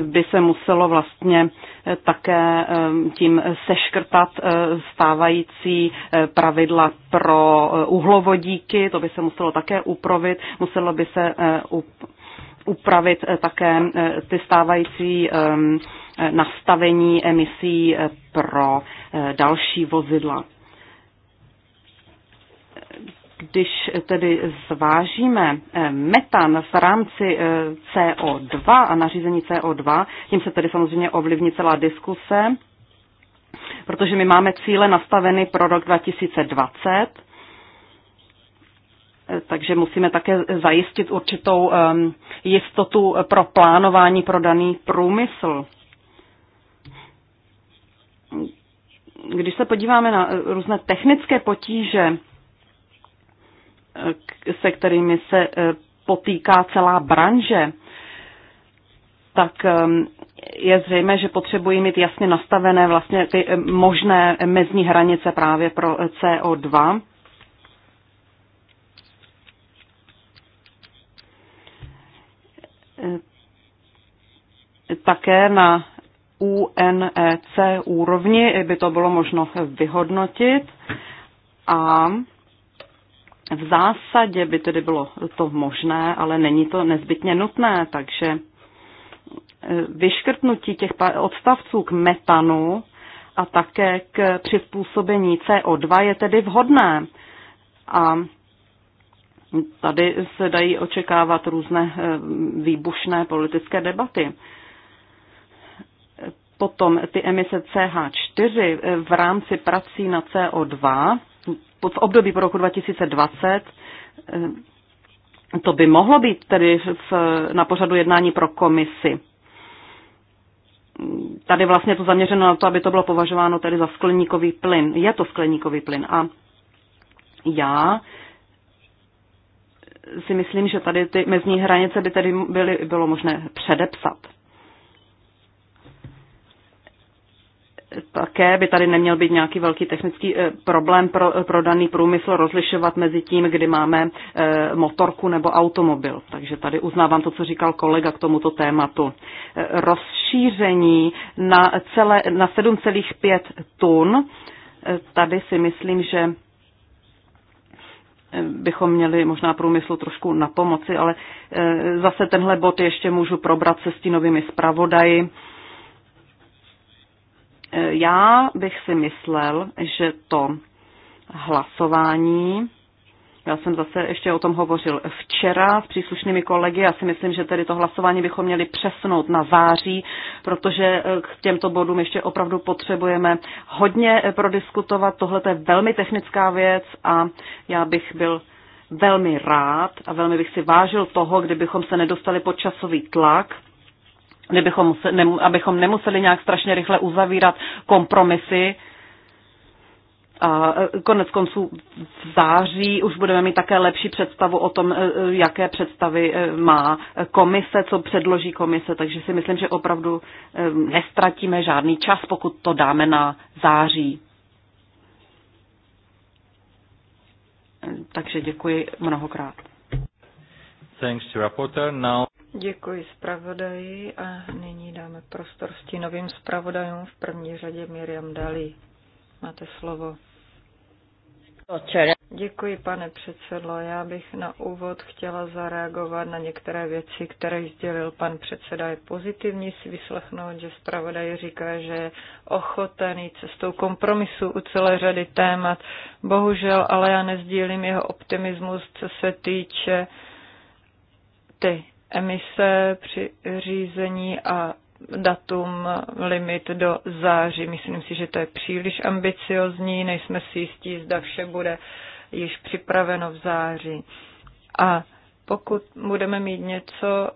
by se muselo vlastně eh, také eh, tím seškrtat eh, stávající pravidla pro uhlovodíky, to by se muselo také upravit, muselo by se upravit také ty stávající nastavení emisí pro další vozidla. Když tedy zvážíme eh, metan v rámci eh, CO2 a nařízení CO2, tím se tedy samozřejmě ovlivní celá diskuse, protože my máme cíle nastaveny pro rok 2020, eh, takže musíme také zajistit určitou ehm, jistotu pro plánování pro daný průmysl. Když se podíváme na různé technické potíže, se kterými se eh, potýká celá branže, tak ehm, je zřejmé, že potřebují mít jasně nastavené vlastně ty eh, možné mezní hranice právě pro eh, CO2. Také na UNEC úrovni by to bylo možno vyhodnotit a v zásadě by tedy bylo to možné, ale není to nezbytně nutné, takže e, vyškrtnutí těch odstavců k metanu a také k přizpůsobení CO2 je tedy vhodné. A tady se dají očekávat různé e, výbušné politické debaty. Potom ty emise CH4 e, v rámci prací na CO2 v období po roku 2020 eh, to by mohlo být tedy v, na pořadu jednání pro komisi. Tady vlastně to zaměřeno na to, aby to bylo považováno tedy za skleníkový plyn. Je to skleníkový plyn a já si myslím, že tady ty mezní hranice by tedy byly, bylo možné předepsat. také by tady neměl být nějaký velký technický eh, problém pro, pro daný průmysl rozlišovat mezi tím, kdy máme eh, motorku nebo automobil. Takže tady uznávám to, co říkal kolega k tomuto tématu. Eh, rozšíření na, celé, na 7,5 tun, tady si myslím, že bychom měli možná průmyslu trošku na pomoci, ale zase tenhle bod ještě můžu probrat se stínovými zpravodaji já bych si myslel, že to hlasování, já jsem zase ještě o tom hovořil včera s příslušnými kolegy, já si myslím, že tedy to hlasování bychom měli přesunout na září, protože eh, k těmto bodům ještě opravdu potřebujeme hodně eh, prodiskutovat. Tohle je velmi technická věc a já bych byl velmi rád a velmi bych si vážil toho, kdybychom se nedostali pod časový tlak, kdybychom, abychom nemuseli nějak strašně rychle uzavírat kompromisy. A e, konec konců v září už budeme mít také lepší představu o tom, e, e, jaké představy má komise, co předloží komise, takže si myslím, že opravdu nestratíme žádný čas, pokud to dáme na září. Takže děkuji mnohokrát. Thanks to reporter. Now... Děkuji zpravodaji a nyní dáme prostor s tím novým zpravodajům. V první řadě Miriam Dali Máte slovo. Děkuji, pane předsedlo. Já bych na úvod chtěla zareagovat na některé věci, které sdělil pan předseda. Je pozitivní si vyslechnout, že zpravodaj říká, že je ochotený cestou kompromisu u celé řady témat. Bohužel, ale já nezdílím jeho optimismus, co se týče ty emise při řízení a datum limit do září. Myslím si, že to je příliš ambiciozní, nejsme si jistí, zda vše bude již připraveno v září. A pokud budeme mít něco,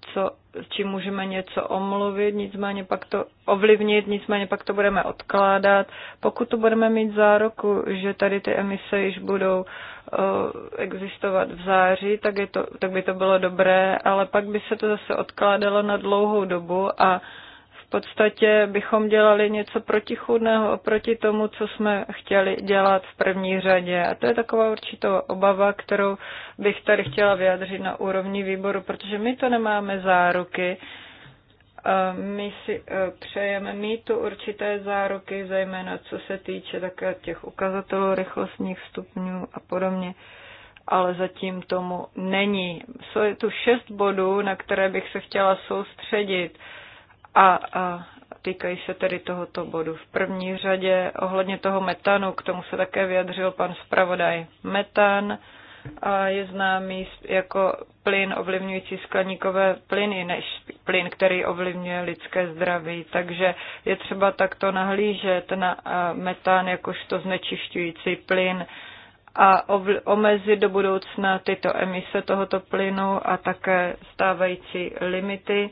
co, čím můžeme něco omluvit, nicméně pak to ovlivnit, nicméně pak to budeme odkládat. Pokud to budeme mít záruku, že tady ty emise již budou Eh, existovat v září, tak, je to, tak by to bylo dobré, ale pak by se to zase odkládalo na dlouhou dobu a v podstatě bychom dělali něco protichůdného oproti tomu, co jsme chtěli dělat v první řadě. A to je taková určitá obava, kterou bych tady chtěla vyjádřit na úrovni výboru, protože my to nemáme záruky, my si e, přejeme mít tu určité záruky, zejména co se týče také těch ukazatelů rychlostních stupňů a podobně, ale zatím tomu není. Je tu šest bodů, na které bych se chtěla soustředit a, a týkají se tedy tohoto bodu. V první řadě ohledně toho metanu, k tomu se také vyjadřil pan zpravodaj. Metan a je známý jako plyn ovlivňující skleníkové plyny, než plyn, který ovlivňuje lidské zdraví. Takže je třeba takto nahlížet na metán jakožto znečišťující plyn a omezit do budoucna tyto emise tohoto plynu a také stávající limity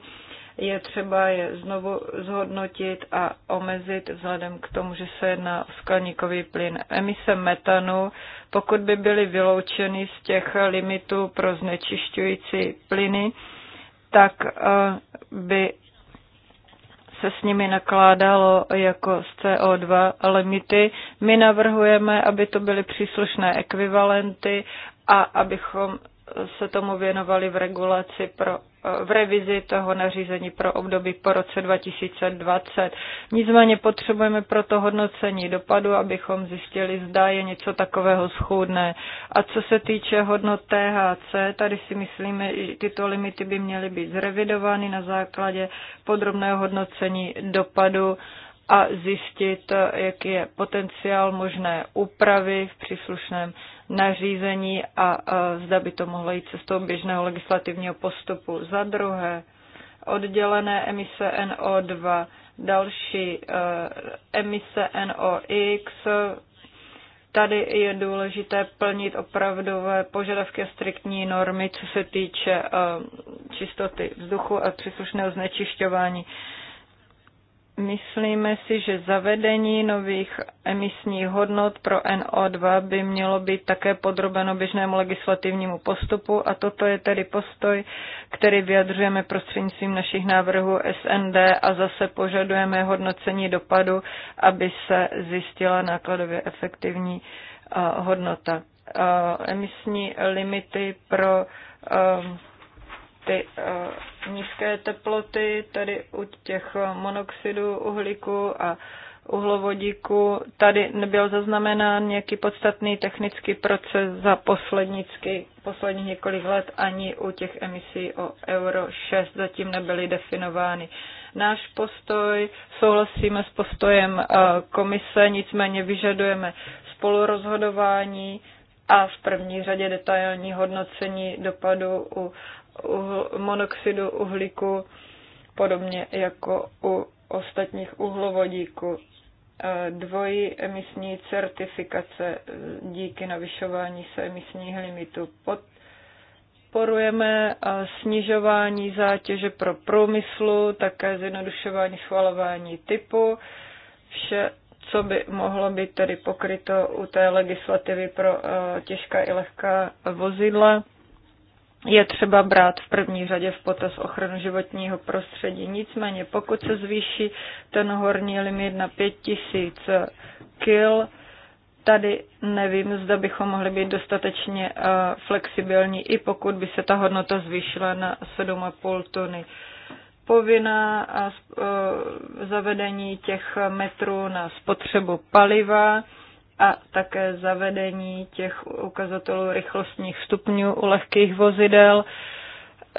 je třeba je znovu zhodnotit a omezit vzhledem k tomu, že se jedná o skleníkový plyn. Emise metanu, pokud by byly vyloučeny z těch limitů pro znečišťující plyny, tak eh, by se s nimi nakládalo jako z CO2 limity. My navrhujeme, aby to byly příslušné ekvivalenty a abychom se tomu věnovali v regulaci pro v revizi toho nařízení pro období po roce 2020. Nicméně potřebujeme pro to hodnocení dopadu, abychom zjistili, zda je něco takového schůdné. A co se týče hodnot THC, tady si myslíme, že tyto limity by měly být zrevidovány na základě podrobného hodnocení dopadu a zjistit, jaký je potenciál možné úpravy v příslušném nařízení a, zda by to mohlo jít cestou běžného legislativního postupu. Za druhé, oddělené emise NO2, další e, emise NOx, tady je důležité plnit opravdové požadavky a striktní normy, co se týče e, čistoty vzduchu a příslušného znečišťování. Myslíme si, že zavedení nových emisních hodnot pro NO2 by mělo být také podrobeno běžnému legislativnímu postupu a toto je tedy postoj, který vyjadřujeme prostřednictvím našich návrhů SND a zase požadujeme hodnocení dopadu, aby se zjistila nákladově efektivní eh, hodnota. Eh, emisní limity pro eh, ty eh, nízké teploty, tady u těch eh, monoxidů uhlíku a uhlovodíku, tady nebyl zaznamenán nějaký podstatný technický proces za posledních několik let ani u těch emisí o Euro 6 zatím nebyly definovány. Náš postoj, souhlasíme s postojem eh, komise, nicméně vyžadujeme spolurozhodování, a v první řadě detailní hodnocení dopadu u uhl, monoxidu uhlíku, podobně jako u ostatních uhlovodíků. E, dvojí emisní certifikace e, díky navyšování se emisních limitů. Podporujeme e, snižování zátěže pro průmyslu, také zjednodušování schvalování typu. Vše co by mohlo být tedy pokryto u té legislativy pro těžká i lehká vozidla je třeba brát v první řadě v potaz ochranu životního prostředí. Nicméně, pokud se zvýší ten horní limit na 5000 kil, tady nevím, zda bychom mohli být dostatečně eh, flexibilní, i pokud by se ta hodnota zvýšila na 7,5 tuny. Povinná eh, zavedení těch metrů na spotřebu paliva, a také zavedení těch ukazatelů rychlostních stupňů u lehkých vozidel.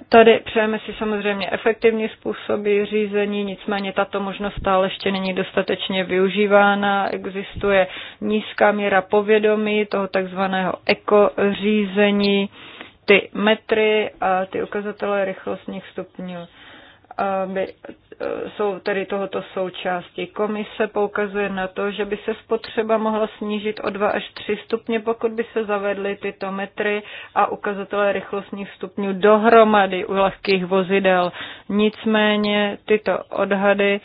Tady přejeme si samozřejmě efektivní způsoby řízení, nicméně tato možnost stále ještě není dostatečně využívána. Existuje nízká míra povědomí toho takzvaného ekořízení, ty metry a ty ukazatele rychlostních stupňů by, e, jsou tedy tohoto součástí. Komise poukazuje na to, že by se spotřeba mohla snížit o 2 až 3 stupně, pokud by se zavedly tyto metry a ukazatele rychlostních stupňů dohromady u lehkých vozidel. Nicméně tyto odhady e,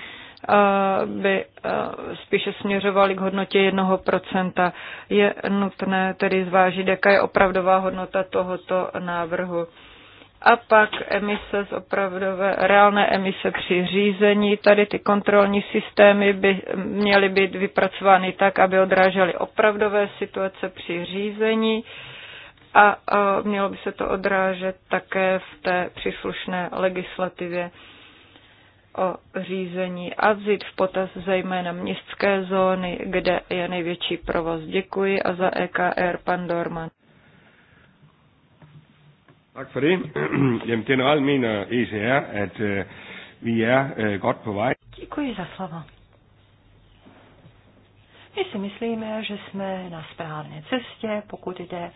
by e, spíše směřovaly k hodnotě 1%. Je nutné tedy zvážit, jaká je opravdová hodnota tohoto návrhu a pak emise z opravdové reálné emise při řízení. Tady ty kontrolní systémy by měly být vypracovány tak, aby odrážely opravdové situace při řízení a mělo by se to odrážet také v té příslušné legislativě o řízení a vzít v potaz zejména městské zóny, kde je největší provoz. Děkuji a za EKR pan Dorman. Tak for det. Jamen generelt mener ECR, at øh, vi er øh, godt på vej. Děkuji za slovo. My si myslíme, že jsme na správné cestě, pokud jde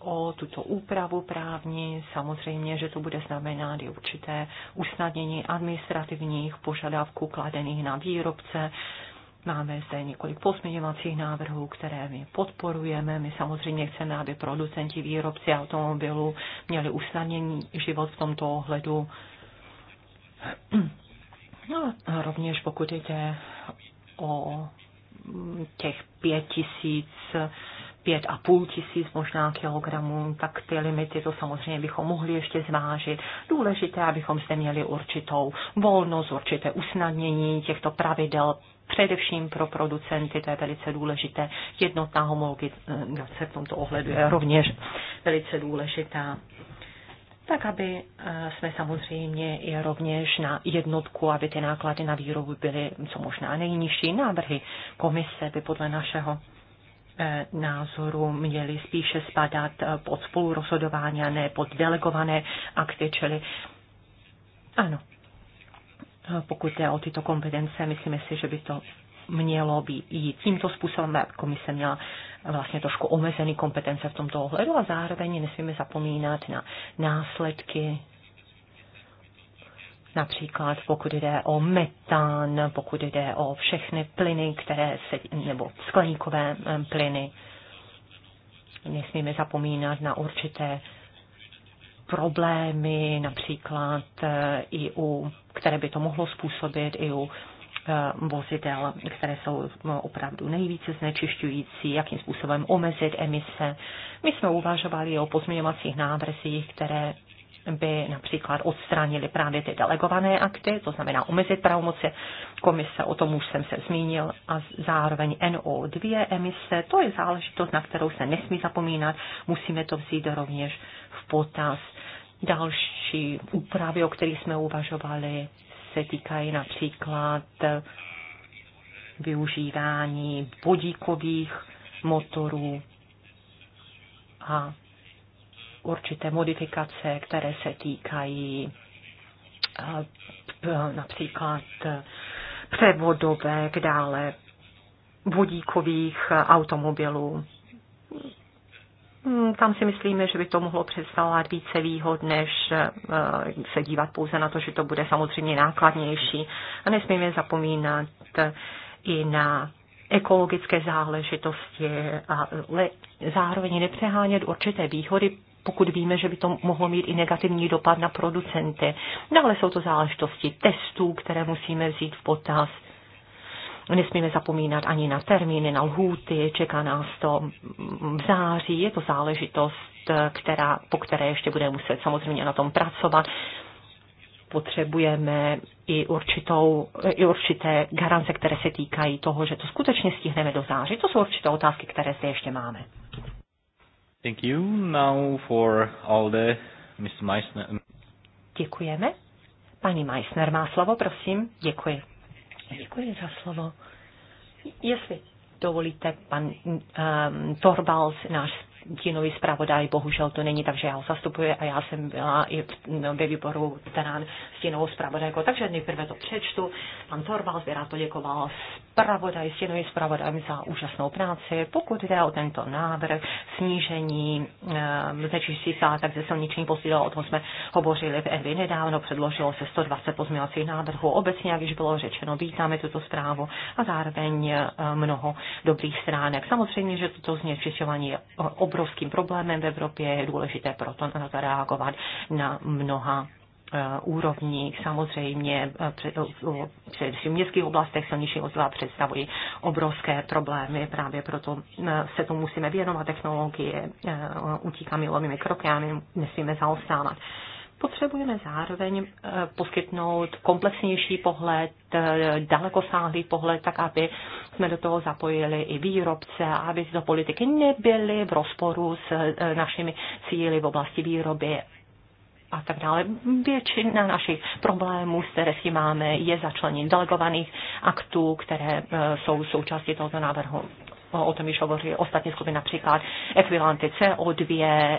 o tuto úpravu právní. Samozřejmě, že to bude znamenat i určité usnadnění administrativních požadavků kladených na výrobce, Máme zde několik pozměňovacích návrhů, které my podporujeme. My samozřejmě chceme, aby producenti, výrobci automobilů měli usnadnění život v tomto ohledu. No, a rovněž pokud jde o těch pět tisíc pět a půl tisíc možná kilogramů, tak ty limity to samozřejmě bychom mohli ještě zvážit. Důležité, abychom zde měli určitou volnost, určité usnadnění těchto pravidel především pro producenty, to je velice důležité. Jednotná homologizace v tomto ohledu je rovněž velice důležitá tak aby eh, jsme samozřejmě i rovněž na jednotku, aby ty náklady na výrobu byly co možná nejnižší. Návrhy komise by podle našeho Eh, názoru měly spíše spadat eh, pod spolurozhodování a ne pod delegované akty, čili ano, eh, pokud je o tyto kompetence, myslíme si, že by to mělo být jít tímto způsobem, aby komise měla vlastně trošku omezený kompetence v tomto ohledu a zároveň nesmíme zapomínat na následky Například pokud jde o metán, pokud jde o všechny plyny, které se, nebo skleníkové eh, plyny. Nesmíme zapomínat na určité problémy, například eh, i u, které by to mohlo způsobit i u eh, vozidel, které jsou opravdu nejvíce znečišťující, jakým způsobem omezit emise. My jsme uvažovali o pozměňovacích návrzích, které by například odstranili právě ty delegované akty, to znamená omezit pravomoci komise, o tom už jsem se zmínil, a zároveň NO2 emise, to je záležitost, na kterou se nesmí zapomínat, musíme to vzít rovněž v potaz. Další úpravy, o kterých jsme uvažovali, se týkají například využívání vodíkových motorů a určité modifikace, které se týkají eh, například eh, převodovek, dále vodíkových eh, automobilů. Hmm, tam si myslíme, že by to mohlo představovat více výhod, než se dívat pouze na to, že to bude samozřejmě nákladnější. A nesmíme zapomínat i na ekologické záležitosti a zároveň nepřehánět určité výhody pokud víme, že by to mohlo mít i negativní dopad na producenty. Dále jsou to záležitosti testů, které musíme vzít v potaz. Nesmíme zapomínat ani na termíny, na lhůty, čeká nás to v září, je to záležitost, která, po které ještě budeme muset samozřejmě na tom pracovat. Potřebujeme i, určitou, i určité garance, které se týkají toho, že to skutečně stihneme do září. To jsou určité otázky, které zde ještě máme. Thank you. Now for all the Mr. Meissner. Děkujeme. Pani Meissner má slovo, prosím. Děkuji. Děkuji za slovo. Jestli dovolíte, pan um, eh, Torbals, náš stínový zpravodaj, bohužel to není, takže já ho zastupuji a já jsem byla i no, ve výboru Terán stínovou zpravodajkou, takže nejprve to přečtu. Pan Torvalds by rád poděkoval zpravodaj, stínovým zpravodajem za úžasnou práci. Pokud jde o tento návrh snížení e, ehm, znečištění tak ze silniční posílil, o tom jsme hovořili v Envy nedávno, předložilo se 120 pozměňovacích návrhů. Obecně, jak již bylo řečeno, vítáme tuto zprávu a zároveň ehm, mnoho dobrých stránek. Samozřejmě, že toto znečišťování je obrovským problémem v Evropě, je důležité proto na to na mnoha eh, úrovních, samozřejmě eh, eh, především v městských oblastech silnější vozidla představují obrovské problémy, právě proto se tomu musíme věnovat, technologie utíkami, lomými kroky a my nesmíme zaostávat potřebujeme zároveň eh, poskytnout komplexnější pohled, eh, dalekosáhlý pohled, tak aby jsme do toho zapojili i výrobce, aby do politiky nebyly v rozporu s eh, našimi cíly v oblasti výroby a tak dále. Většina našich problémů, které si máme, je začlenění delegovaných aktů, které jsou součástí tohoto návrhu o tom již hovoří ostatní skupiny, například ekvivalenty CO2,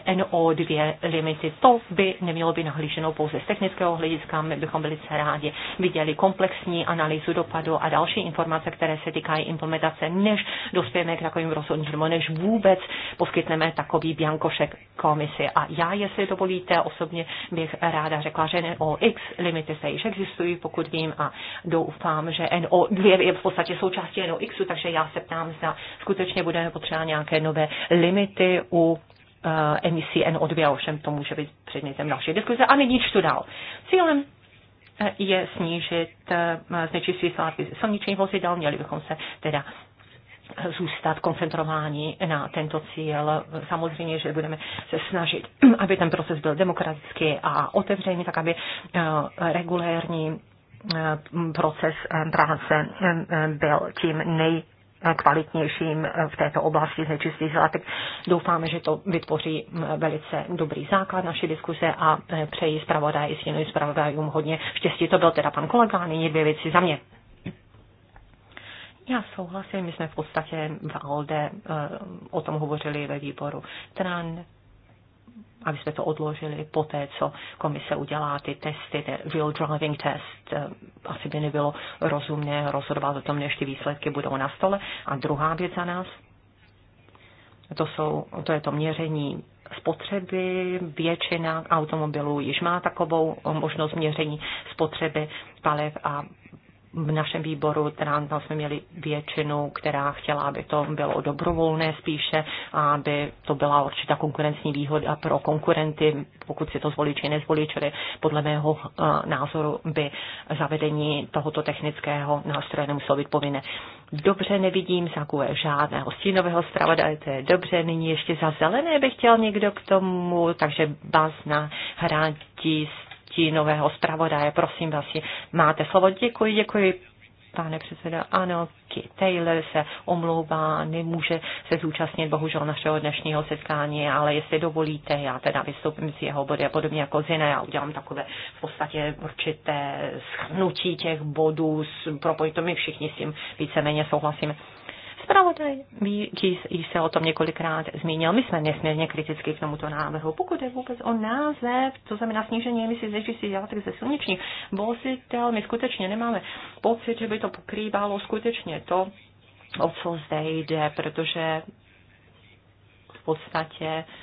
NO2 limity. To by nemělo být nahlíženo pouze z technického hlediska. My bychom velice rádi viděli komplexní analýzu dopadu a další informace, které se týkají implementace, než dospějeme k takovým rozhodnutím, než vůbec poskytneme takový biankošek komisi. A já, jestli dovolíte, osobně bych ráda řekla, že NOx limity se již existují, pokud vím, a doufám, že NO2 je v podstatě součástí NOxu, takže já se ptám, zda skutečně budeme potřebovat nějaké nové limity u eh, emisí NO2, ovšem to může být předmětem naší diskuze. A nyní čtu dál. Cílem eh, je snížit eh, znečistující látky silničních vozidel, měli bychom se teda zůstat koncentrováni na tento cíl. Samozřejmě, že budeme se snažit, aby ten proces byl demokratický a otevřený, tak aby regulérní proces práce byl tím nej kvalitnějším v této oblasti znečistých látek. Doufáme, že to vytvoří velice dobrý základ naší diskuse a eh, přeji zpravodaji, stěnuji zpravodajům hodně štěstí. To byl teda pan kolega, a nyní dvě věci za mě. Já souhlasím, my jsme v podstatě v ALDE eh, o tom hovořili ve výboru TRAN, aby jsme to odložili po té, co komise udělá ty testy, ten real driving test. Eh, asi by nebylo rozumné rozhodovat o tom, než ty výsledky budou na stole. A druhá věc za nás, to, jsou, to je to měření spotřeby. Většina automobilů již má takovou eh, možnost měření spotřeby paliv a v našem výboru, teda tam jsme měli většinu, která chtěla, aby to bylo dobrovolné spíše, aby to byla určitá konkurenční výhoda pro konkurenty, pokud si to zvolí či nezvolí, čili podle mého eh, názoru by zavedení tohoto technického nástroje nemuselo být povinné. Dobře, nevidím zakuje žádného stínového zpravodaje, to je dobře, nyní ještě za zelené by chtěl někdo k tomu, takže Baz na nového zpravodaje. Prosím vás, máte slovo. Děkuji, děkuji pane předseda, ano, Kit Taylor se omlouvá, nemůže se zúčastnit bohužel našeho dnešního setkání, ale jestli dovolíte, já teda vystoupím z jeho body a podobně jako z jiné, já udělám takové v podstatě určité schnutí těch bodů, propojit to my všichni s tím víceméně souhlasíme. Spravodaj již se o tom několikrát zmínil. My jsme nesmírně kriticky k tomuto návrhu. Pokud je vůbec o název, to znamená snížení emisí ze čistých látek ze silničních vozitel, my skutečně nemáme pocit, že by to pokrývalo skutečně to, o co zde jde, protože v podstatě uh,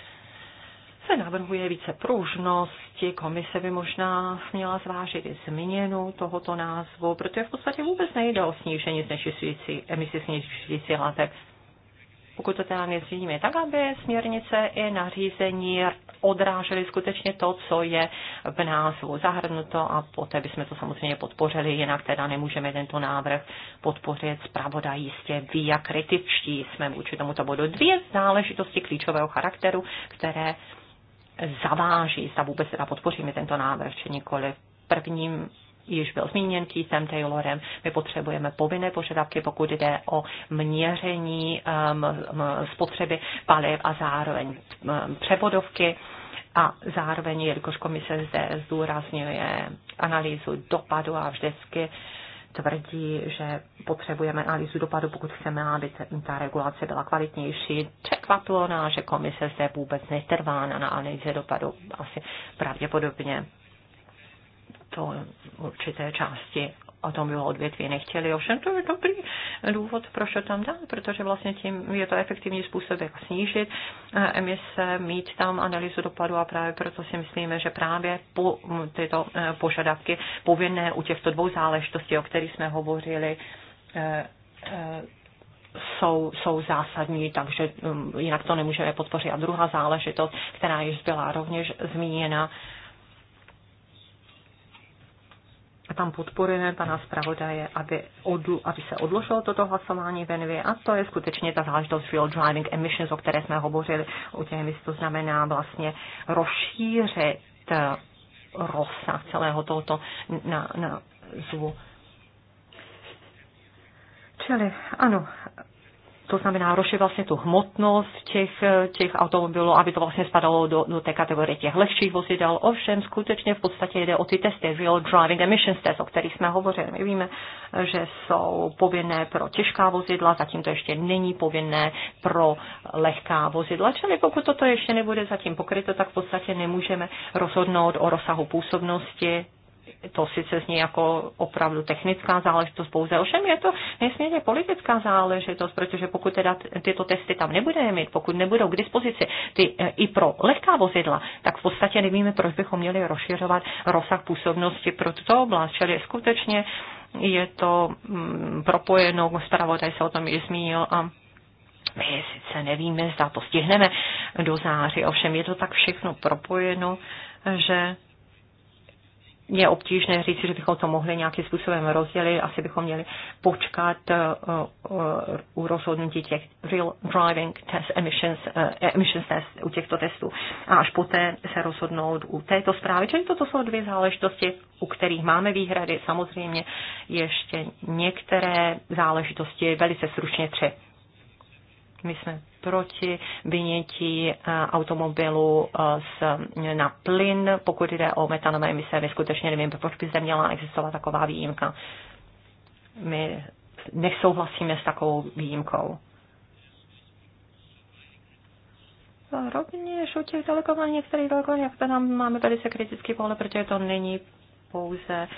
se navrhuje více pružnosti, komise by možná směla zvážit i změnu tohoto názvu, protože v podstatě vůbec nejde o snížení znečistující, emisí snižující látek. Pokud to teda nezvíme, tak aby směrnice i nařízení odrážely skutečně to, co je v názvu zahrnuto a poté bychom to samozřejmě podpořili, jinak teda nemůžeme tento návrh podpořit. Zpravodaj jistě ví, jak kritičtí jsme vůči tomuto bodu. Dvě záležitosti klíčového charakteru, které zaváží, zda vůbec teda podpoříme tento návrh, či nikoli. prvním již byl zmíněn Keithem Taylorem. My potřebujeme povinné požadavky, pokud jde o měření um, um spotřeby paliv a zároveň um, převodovky. A zároveň, jelikož komise zde zdůrazňuje analýzu dopadu a vždycky uh, tvrdí, že potřebujeme analýzu dopadu, pokud chceme, aby ta regulace byla kvalitnější. Překvapilo nás, že komise se vůbec netrvá na analýze dopadu. Asi pravděpodobně to určité části atomového odvětví nechtěli. Ovšem to je dobrý důvod, proč to tam dát, protože vlastně tím je to efektivní způsob, jak snížit eh, emise, mít tam analýzu dopadu a právě proto si myslíme, že právě po mm, tyto eh, požadavky povinné u těchto dvou záležitostí, o kterých jsme hovořili, eh, jsou, jsou zásadní, takže mm, jinak to nemůžeme podpořit. A druhá záležitost, která již byla rovněž zmíněna, A tam podporujeme pana zpravodaje, aby, odl- aby se odložilo toto hlasování v NV. a to je skutečně ta záležitost Real Driving Emissions, o které jsme hovořili o těch, to znamená vlastně rozšířit eh, rozsah celého tohoto na, na zvu. Čili ano, to znamená rozšířit vlastně tu hmotnost těch, těch automobilů, aby to vlastně spadalo do, do té kategorie těch lehčích vozidel. Ovšem skutečně v podstatě jde o ty testy, real driving emissions test, o kterých jsme hovořili. My víme, že jsou povinné pro těžká vozidla, zatím to ještě není povinné pro lehká vozidla, čili pokud toto ještě nebude zatím pokryto, tak v podstatě nemůžeme rozhodnout o rozsahu působnosti to sice zní jako opravdu technická záležitost pouze, ovšem je to nesmírně politická záležitost, protože pokud teda tyto testy tam nebudeme mít, pokud nebudou k dispozici ty, e, i pro lehká vozidla, tak v podstatě nevíme, proč bychom měli rozšiřovat rozsah působnosti pro tuto oblast. Čili skutečně je to mm, propojeno, zpravodaj se o tom i zmínil a my sice nevíme, zda to stihneme do září, ovšem je to tak všechno propojeno, že je obtížné říct, že bychom to mohli nějakým způsobem rozdělit. Asi bychom měli počkat eh, eh, u rozhodnutí těch real driving test emissions, eh, emissions test u těchto testů a až poté se rozhodnout u této zprávy. Čili toto jsou dvě záležitosti, u kterých máme výhrady. Samozřejmě ještě některé záležitosti, velice stručně tři. My jsme proti vynětí eh, automobilu eh, na plyn, pokud jde o metanové emise. My skutečně nevím, proč by zde měla existovat taková výjimka. My nesouhlasíme s takovou výjimkou. A rovněž u těch delegovaných, některých jak tam máme velice kritický pohled, protože to není pouze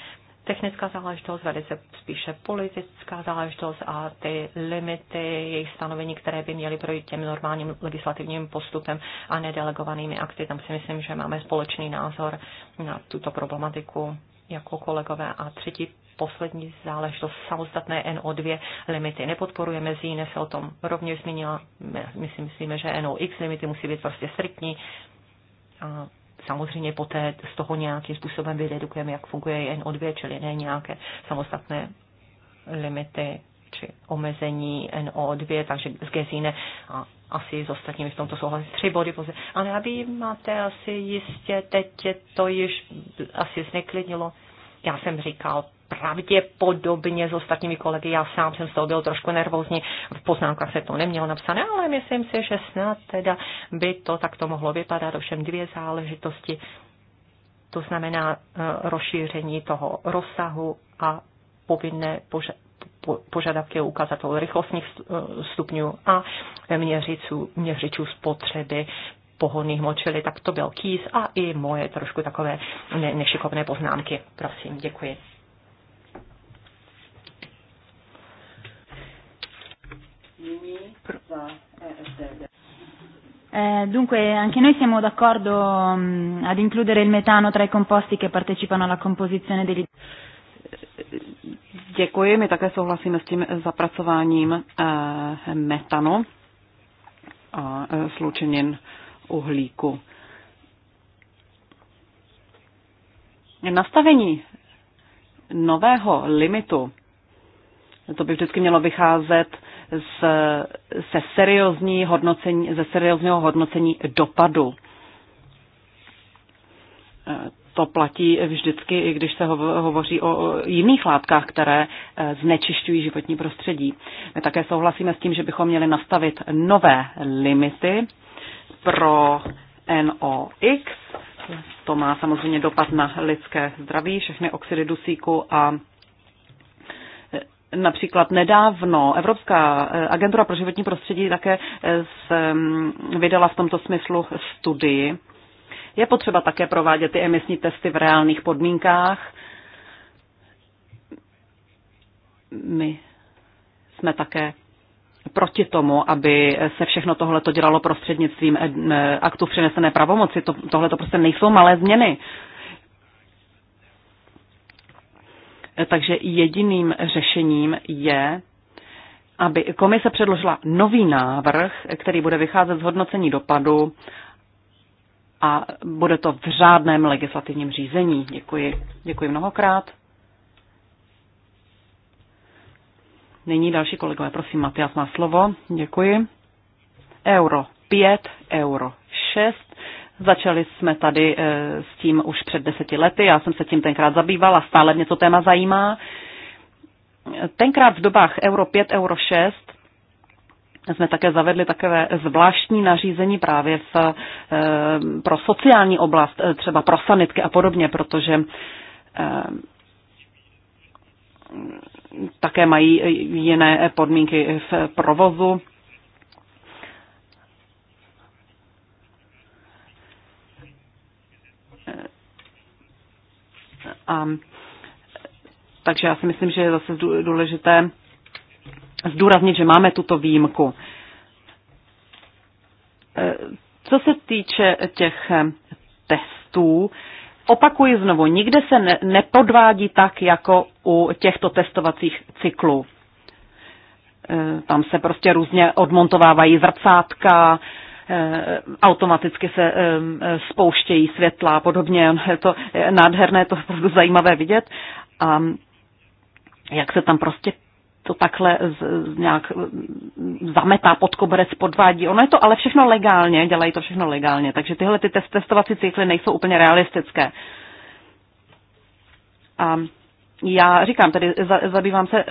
technická záležitost, velice spíše politická záležitost a ty limity jejich stanovení, které by měly projít těm normálním legislativním postupem a nedelegovanými akty. Tam si myslím, že máme společný názor na tuto problematiku jako kolegové. A třetí poslední záležitost samostatné NO2 limity nepodporujeme, Zíne se o tom rovněž zmínila, my si myslíme, že NOx limity musí být prostě striktní. A samozřejmě poté z toho nějakým způsobem vydedukujeme, jak funguje o dvě, čili ne nějaké samostatné limity či omezení NO2, takže z Gezine a asi s ostatními v tomto souhlasí tři body pouze. Ale aby máte asi jistě, teď je to již asi zneklidnilo. Já jsem říkal pravděpodobně s ostatními kolegy, já sám jsem z toho byl trošku nervózní, v poznámkách se to nemělo napsané, ale myslím si, že snad teda by to takto mohlo vypadat, ovšem dvě záležitosti, to znamená eh, rozšíření toho rozsahu a povinné poža- požadavky ukazatelů rychlostních eh, stupňů a měřiců, měřičů spotřeby pohoných močili, tak to byl kýz a i moje trošku takové nešikovné poznámky. Prosím, děkuji. Eh, dunque anche noi siamo d'accordo um, ad includere il metano tra i composti che partecipano alla composizione degli Děkuji, my také souhlasíme s tím zapracováním eh, metanu a eh, sloučenin uhlíku. Nastavení nového limitu, to by vždycky mělo vycházet z, se seriózní hodnocení, ze seriózního hodnocení dopadu. Eh, to platí vždycky, i když se hovoří o jiných látkách, které eh, znečišťují životní prostředí. My také souhlasíme s tím, že bychom měli nastavit nové limity pro NOx. To má samozřejmě dopad na lidské zdraví, všechny oxidy dusíku a Například nedávno Evropská eh, agentura pro životní prostředí také eh, mm, vydala v tomto smyslu studii. Je potřeba také provádět ty emisní testy v reálných podmínkách. My jsme také proti tomu, aby se všechno tohle to dělalo prostřednictvím eh, aktu přenesené pravomoci. tohle to prostě nejsou malé změny. Takže jediným řešením je, aby komise předložila nový návrh, který bude vycházet z hodnocení dopadu a bude to v řádném legislativním řízení. Děkuji. Děkuji mnohokrát. Nyní další kolegové, prosím, Matias má slovo. Děkuji. Euro 5, euro 6 Začali jsme tady eh, s tím už před deseti lety, já jsem se tím tenkrát zabývala, stále mě to téma zajímá. Tenkrát v dobách euro 5, euro 6 jsme také zavedli takové zvláštní nařízení právě v, eh, pro sociální oblast, eh, třeba pro sanitky a podobně, protože také mají jiné podmínky v provozu. A, takže já si myslím, že je zase důležité zdůraznit, že máme tuto výjimku. E, co se týče těch e, testů, opakuji znovu, nikde se ne, nepodvádí tak, jako u těchto testovacích cyklů. E, tam se prostě různě odmontovávají zrcátka, Eh, automaticky se eh, spouštějí světla a podobně. Je to nádherné, to opravdu zajímavé vidět. A jak se tam prostě to takhle z, z nějak eh, zametá pod koberec, podvádí. Ono je to ale všechno legálně, dělají to všechno legálně, takže tyhle ty test, testovací cykly nejsou úplně realistické. A já říkám, tedy zabývám se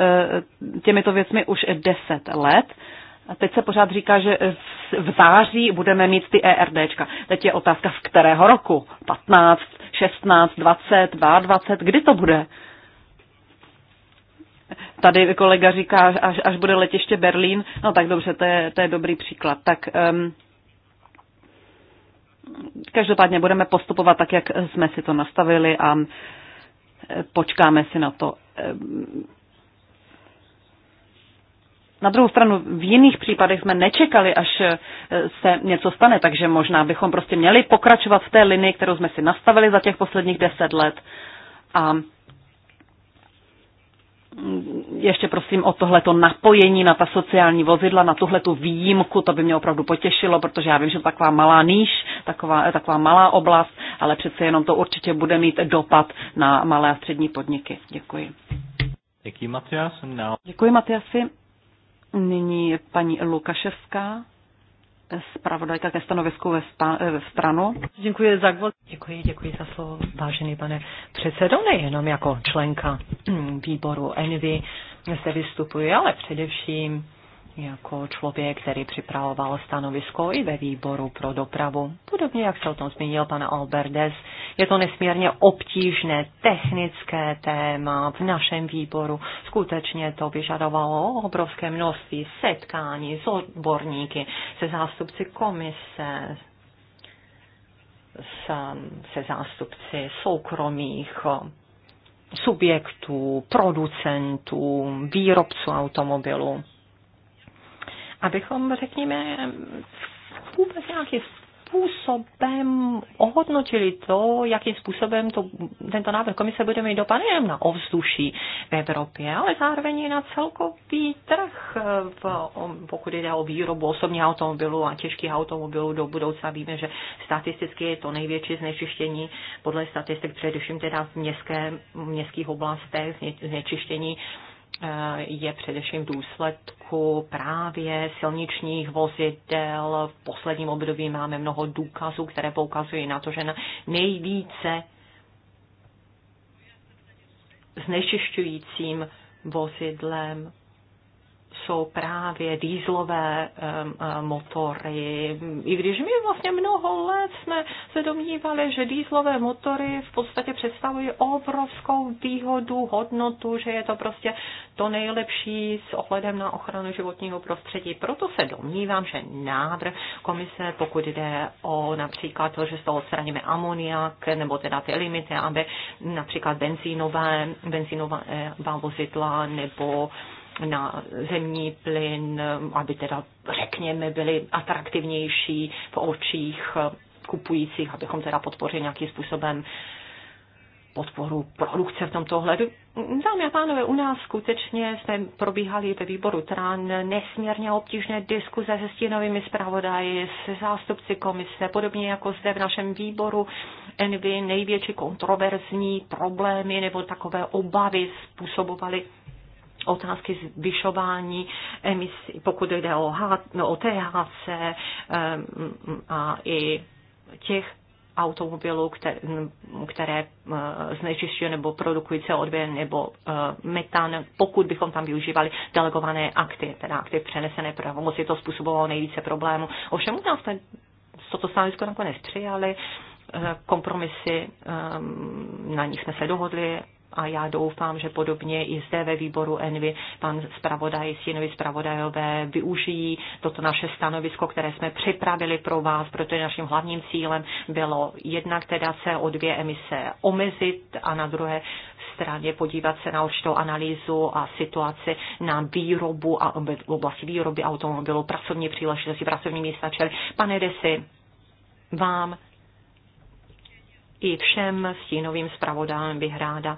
těmito věcmi už 10 let a teď se pořád říká, že v září budeme mít ty ERDčka. Teď je otázka, z kterého roku? 15, 16, 20, 22, kdy to bude? Tady kolega říká, až, až bude letiště Berlín. No tak dobře, to je, to je dobrý příklad. Tak um, každopádně budeme postupovat tak, jak jsme si to nastavili a e, počkáme si na to. Um, na druhou stranu v jiných případech jsme nečekali, až eh, se něco stane, takže možná bychom prostě měli pokračovat v té linii, kterou jsme si nastavili za těch posledních deset let. A mm, ještě prosím o tohleto napojení na ta sociální vozidla, na tuhletu výjimku, to by mě opravdu potěšilo, protože já vím, že to taková malá níž, taková, eh, taková malá oblast, ale přece jenom to určitě bude mít dopad na malé a střední podniky. Děkuji. Děkuji, Matias. Děkuji, Matiasi. Nyní paní Lukaševská, zpravodajka ke stanovisku ve, sta, eh, ve stranu. Děkuji za kvůli. Děkuji, děkuji za slovo, vážený pane předsedo, nejenom jako členka mm, výboru ENVY se vystupuji, ale především jako člověk, který připravoval stanovisko i ve výboru pro dopravu. Podobně, jak se o tom zmínil pan Albertes, je to nesmírně obtížné technické téma v našem výboru. Skutečně to vyžadovalo obrovské množství setkání s odborníky, se zástupci komise, um, se zástupci soukromých um, subjektů, producentů, výrobců automobilů abychom, řekněme, vůbec nějakým způsobem ohodnotili to, jakým způsobem to, tento návrh komise bude mít dopad nejen na ovzduší v Evropě, ale zároveň i na celkový trh, v, pokud jde o výrobu osobních automobilů a těžkých automobilů do budoucna. Víme, že statisticky je to největší znečištění, podle statistik především teda v městské, městských oblastech znečištění je především důsledku právě silničních vozidel. V posledním období máme mnoho důkazů, které poukazují na to, že na nejvíce znečišťujícím vozidlem jsou právě dýzlové e, motory. I když my vlastně mnoho let jsme se domnívali, že dýzlové motory v podstatě představují obrovskou výhodu, hodnotu, že je to prostě to nejlepší s ohledem na ochranu životního prostředí. Proto se domnívám, že návrh komise, pokud jde o například to, že z toho odstraníme amoniak, nebo teda ty limity, aby například benzínové, benzínová e, vozidla nebo na zemní plyn, aby teda, řekněme, byly atraktivnější v očích kupujících, abychom teda podpořili nějakým způsobem podporu produkce v tomto ohledu. Dámy a pánové, u nás skutečně jsme probíhali ve výboru TRAN nesmírně obtížné diskuze se stínovými zpravodaji, se zástupci komise, podobně jako zde v našem výboru Envy největší kontroverzní problémy nebo takové obavy způsobovaly otázky zvyšování emisí, pokud jde o, H, no, o THC um, a i těch automobilů, které, které eh, znečišťují nebo produkují CO2 nebo eh, metan, pokud bychom tam využívali delegované akty, teda akty přenesené pravomoci, to způsobovalo nejvíce problémů. Ovšem u nás ten, toto stanovisko nakonec přijali, eh, kompromisy, na nich jsme se dohodli a já doufám, že podobně i zde ve výboru Envy pan zpravodaj, synovi zpravodajové využijí toto naše stanovisko, které jsme připravili pro vás, protože naším hlavním cílem bylo jednak teda o dvě emise omezit a na druhé straně podívat se na určitou analýzu a situaci na výrobu a oblasti výroby automobilů, pracovní příležitosti, pracovní místa. Čili pane Desi, vám i všem stínovým zpravodám bych ráda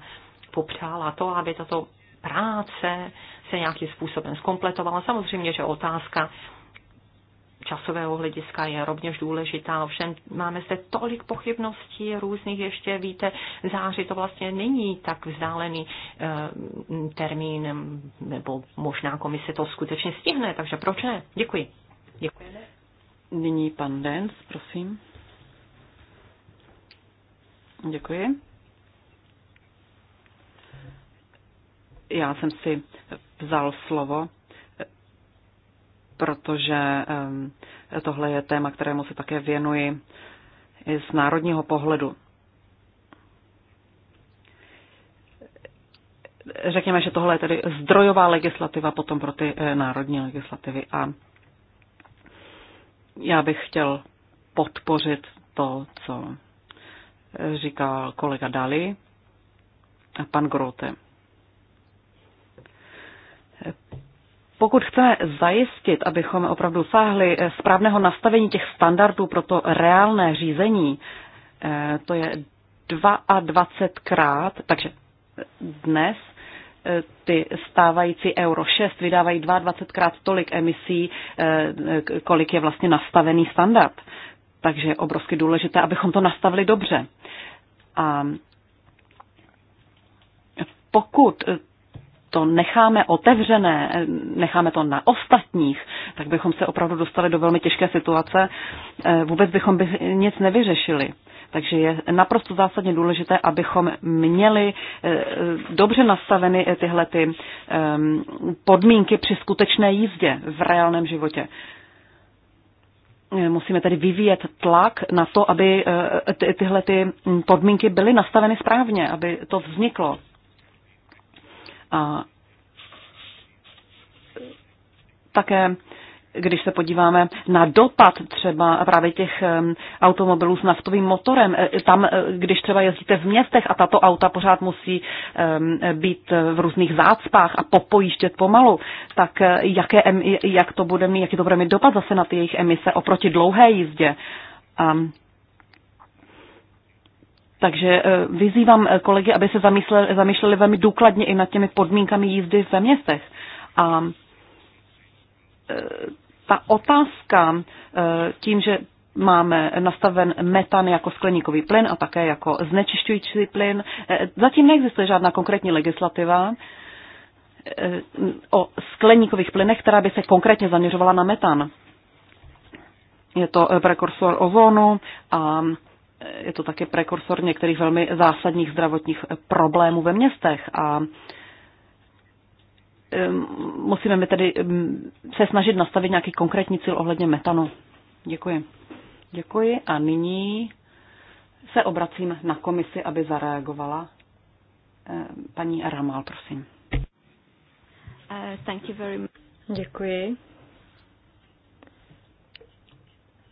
popřála to, aby tato práce se nějakým způsobem zkompletovala. Samozřejmě, že otázka časového hlediska je rovněž důležitá. Ovšem máme zde tolik pochybností různých ještě, víte, září to vlastně není tak vzdálený e, termín, nebo možná komise to skutečně stihne, takže proč ne? Děkuji. Děkuji. Nyní pan Dens, prosím. Děkuji. já jsem si vzal slovo, protože tohle je téma, kterému se také věnuji z národního pohledu. Řekněme, že tohle je tedy zdrojová legislativa potom pro ty eh, národní legislativy a já bych chtěl podpořit to, co eh, říkal kolega Dali a pan Grote. Pokud chceme zajistit, abychom opravdu sáhli eh, správného nastavení těch standardů pro to reálné řízení, eh, to je 22krát, takže dnes eh, ty stávající Euro 6 vydávají 22krát tolik emisí, kolik je vlastně nastavený standard. Takže je obrovsky důležité, abychom to nastavili dobře. A pokud to necháme otevřené, necháme to na ostatních, tak bychom se opravdu dostali do velmi těžké situace. Eh, vůbec bychom by nic nevyřešili. Takže je naprosto zásadně důležité, abychom měli eh, dobře nastaveny eh, tyhle ty ehm, podmínky při skutečné jízdě v reálném životě. Musíme tedy vyvíjet tlak na to, aby tyhle ty podmínky byly nastaveny správně, aby to vzniklo. A také když se podíváme na dopad třeba právě těch automobilů s naftovým motorem, e, tam, e, když třeba jezdíte v městech a tato auta pořád musí být v různých zácpách a popojíždět pomalu, tak e, jaké, jak to bude mít, jaký to bude mít dopad zase na ty jejich emise oproti dlouhé jízdě. Takže eh, vyzývám eh, kolegy, aby se zamysleli zamýšleli velmi důkladně i nad těmi podmínkami jízdy ve městech. A eh, ta otázka tím, že máme nastaven metan jako skleníkový plyn a také jako znečišťující plyn, zatím neexistuje žádná konkrétní legislativa o skleníkových plynech, která by se konkrétně zaměřovala na metan. Je to prekursor ozonu a je to také prekursor některých velmi zásadních zdravotních problémů ve městech a musíme mi tedy se snažit nastavit nějaký konkrétní cíl ohledně metanu. Děkuji. Děkuji a nyní se obracím na komisi, aby zareagovala. Paní Ramal, prosím. Uh, Děkuji.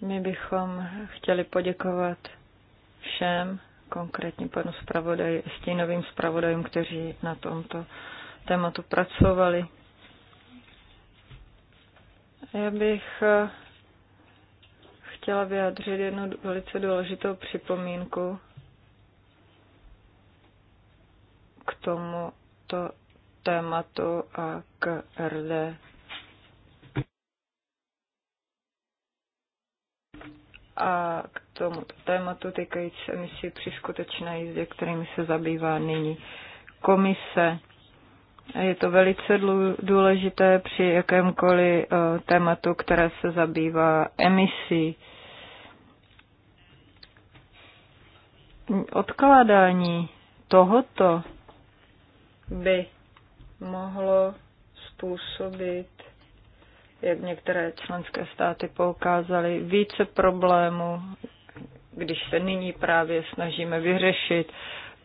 My bychom chtěli poděkovat všem, konkrétně panu zpravodaji, stínovým zpravodajům, kteří na tomto tématu pracovali. Já bych eh, chtěla vyjádřit jednu velice důležitou připomínku k tomuto tématu a k RD a k tomuto tématu týkající se emisí při skutečné jízdě, kterými se zabývá nyní komise. Je to velice důležité při jakémkoliv eh, tématu, které se zabývá emisí. Odkládání tohoto by mohlo způsobit jak některé členské státy poukázaly, více problémů, když se nyní právě snažíme vyřešit.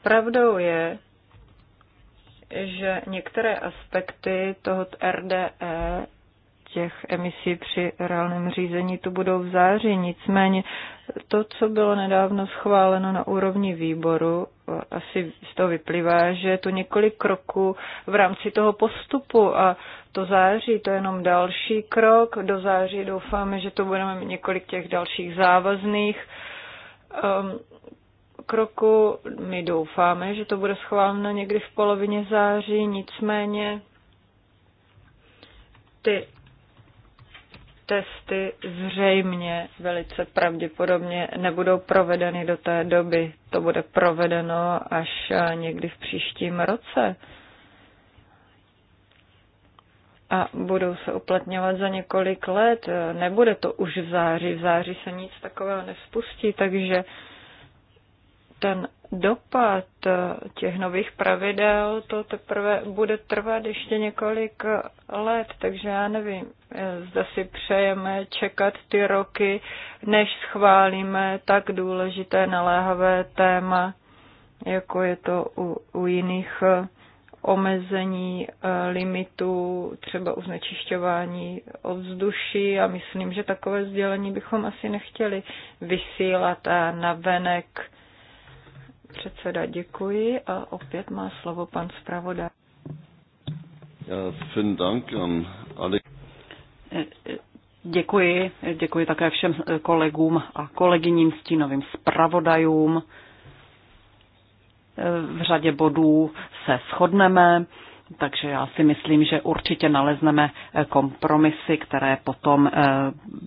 Pravdou je, že některé aspekty tohoto RDE těch emisí při reálném řízení tu budou v září. Nicméně to, co bylo nedávno schváleno na úrovni výboru, asi z toho vyplývá, že je to několik kroků v rámci toho postupu a to září, to je jenom další krok. Do září doufáme, že to budeme mít několik těch dalších závazných um, kroků. My doufáme, že to bude schváleno někdy v polovině září, nicméně ty testy zřejmě velice pravděpodobně nebudou provedeny do té doby. To bude provedeno až eh, někdy v příštím roce. A budou se uplatňovat za několik let. Nebude to už v září. V září se nic takového nespustí, takže ten dopad eh, těch nových pravidel, to teprve bude trvat ještě několik eh, let, takže já nevím, eh, zda si přejeme čekat ty roky, než schválíme tak důležité naléhavé téma, jako je to u, u jiných omezení limitů, třeba u znečišťování ovzduší a myslím, že takové sdělení bychom asi nechtěli vysílat a navenek venek Předseda, děkuji a opět má slovo pan zpravodaj. Děkuji, děkuji také všem kolegům a kolegyním, stínovým zpravodajům. V řadě bodů se shodneme, takže já si myslím, že určitě nalezneme kompromisy, které potom eh,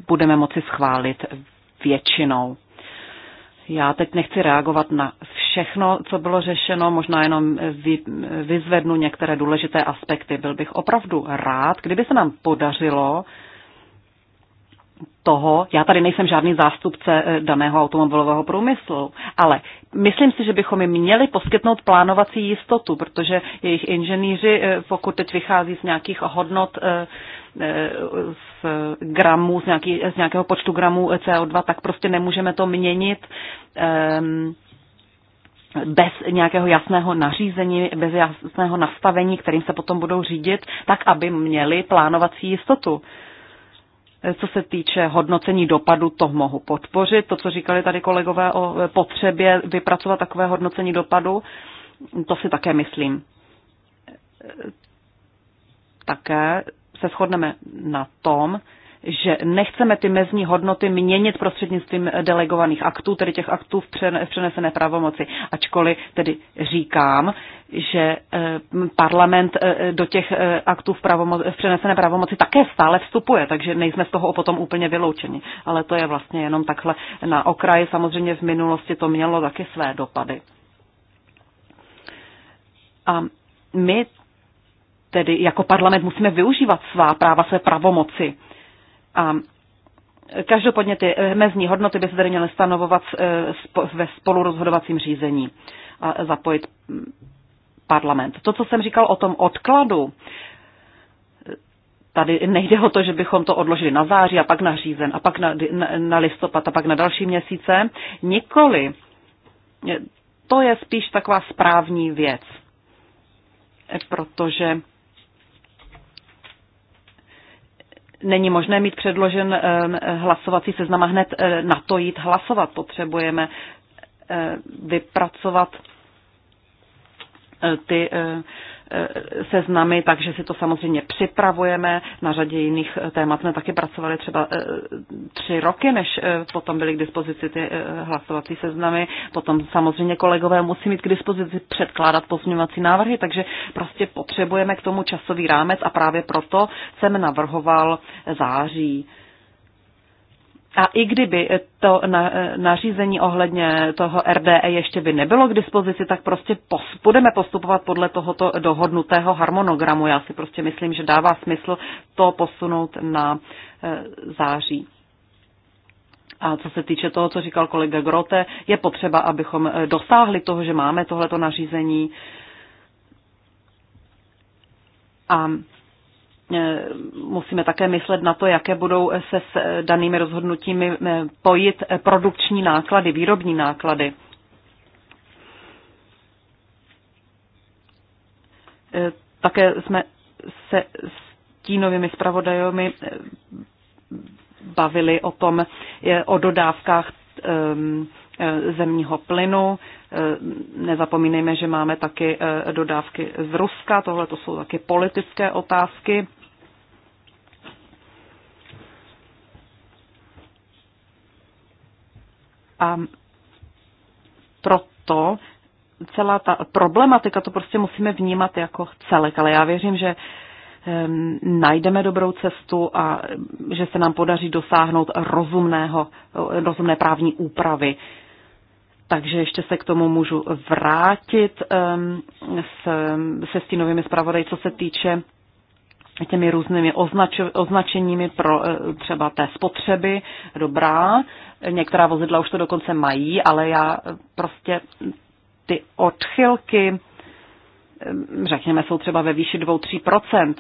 budeme moci schválit většinou. Já teď nechci reagovat na všechno, co bylo řešeno, možná jenom vy, vyzvednu některé důležité aspekty. Byl bych opravdu rád, kdyby se nám podařilo toho, já tady nejsem žádný zástupce eh, daného automobilového průmyslu, ale myslím si, že bychom jim měli poskytnout plánovací jistotu, protože jejich inženýři, eh, pokud teď vychází z nějakých hodnot eh, z gramů, z, nějaký, z nějakého počtu gramů CO2, tak prostě nemůžeme to měnit ehm, bez nějakého jasného nařízení, bez jasného nastavení, kterým se potom budou řídit, tak aby měli plánovací jistotu. Co se týče hodnocení dopadu, to mohu podpořit. To, co říkali tady kolegové o potřebě vypracovat takové hodnocení dopadu, to si také myslím. Také se shodneme na tom, že nechceme ty mezní hodnoty měnit prostřednictvím delegovaných aktů, tedy těch aktů v přenesené pravomoci. Ačkoliv tedy říkám, že eh, parlament eh, do těch eh, aktů v, pravomo- v přenesené pravomoci také stále vstupuje, takže nejsme z toho potom úplně vyloučeni. Ale to je vlastně jenom takhle na okraji. Samozřejmě v minulosti to mělo taky své dopady. A my tedy jako parlament musíme využívat svá práva, své pravomoci. A každopádně ty mezní hodnoty by se tedy měly stanovovat eh, ve spolurozhodovacím řízení a zapojit mm, parlament. To, co jsem říkal o tom odkladu, tady nejde o to, že bychom to odložili na září a pak na řízen a pak na, na, na listopad a pak na další měsíce. Nikoli. To je spíš taková správní věc, protože není možné mít předložen hlasovací seznam a hned eh, na to jít hlasovat. Potřebujeme eh, vypracovat eh, ty Eh, seznamy, takže si to samozřejmě připravujeme. Na řadě jiných eh, témat jsme taky pracovali třeba eh, tři roky, než potom byly k dispozici ty hlasovací seznamy. Potom samozřejmě kolegové musí mít k dispozici předkládat pozměňovací návrhy, takže prostě potřebujeme k tomu časový rámec a právě proto jsem navrhoval září a i kdyby to eh, nařízení ohledně toho RDE ještě by nebylo k dispozici, tak prostě pos, budeme postupovat podle tohoto dohodnutého harmonogramu. Já si prostě myslím, že dává smysl to posunout na eh, září. A co se týče toho, co říkal kolega Grote, je potřeba, abychom eh, dosáhli toho, že máme tohleto nařízení. A Eh, musíme také myslet na to, jaké budou se s eh, danými rozhodnutími eh, pojit produkční náklady, výrobní náklady. Také jsme se tínovými zpravodajomi bavili o tom, o dodávkách ehm, zemního plynu. Nezapomínejme, že máme taky dodávky z Ruska, tohle to jsou taky politické otázky. A proto celá ta problematika, to prostě musíme vnímat jako celek, ale já věřím, že najdeme dobrou cestu a že se nám podaří dosáhnout rozumného, rozumné právní úpravy. Takže ještě se k tomu můžu vrátit s, se stínovými zpravodaji, co se týče těmi různými označ, označeními pro eh, třeba té spotřeby, dobrá. Některá vozidla už to dokonce mají, ale já eh, prostě ty odchylky, eh, řekněme, jsou třeba ve výši 2-3%.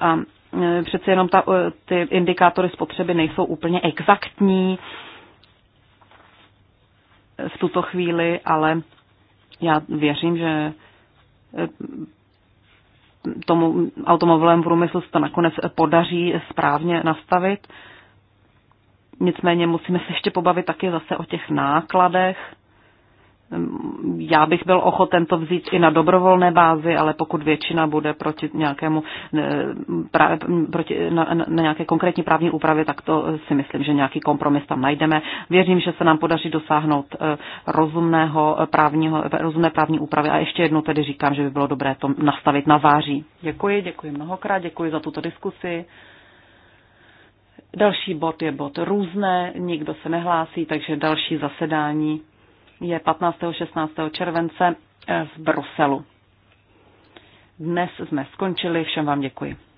A přeci jenom ta, ty indikátory spotřeby nejsou úplně exaktní v tuto chvíli, ale já věřím, že tomu automobilovému průmyslu se to nakonec podaří správně nastavit. Nicméně musíme se ještě pobavit také zase o těch nákladech já bych byl ochoten to vzít i na dobrovolné bázi, ale pokud většina bude proti nějakému, pra, proti, na, na nějaké konkrétní právní úpravě, tak to eh, si myslím, že nějaký kompromis tam najdeme. Věřím, že se nám podaří dosáhnout eh, rozumného eh, právního, rozumné právní úpravy a ještě jednou tedy říkám, že by bylo dobré to nastavit na září. Děkuji, děkuji mnohokrát, děkuji za tuto diskusi. Další bod je bod různé, nikdo se nehlásí, takže další zasedání je 15. 16. července eh, v Bruselu. Dnes jsme skončili, všem vám děkuji.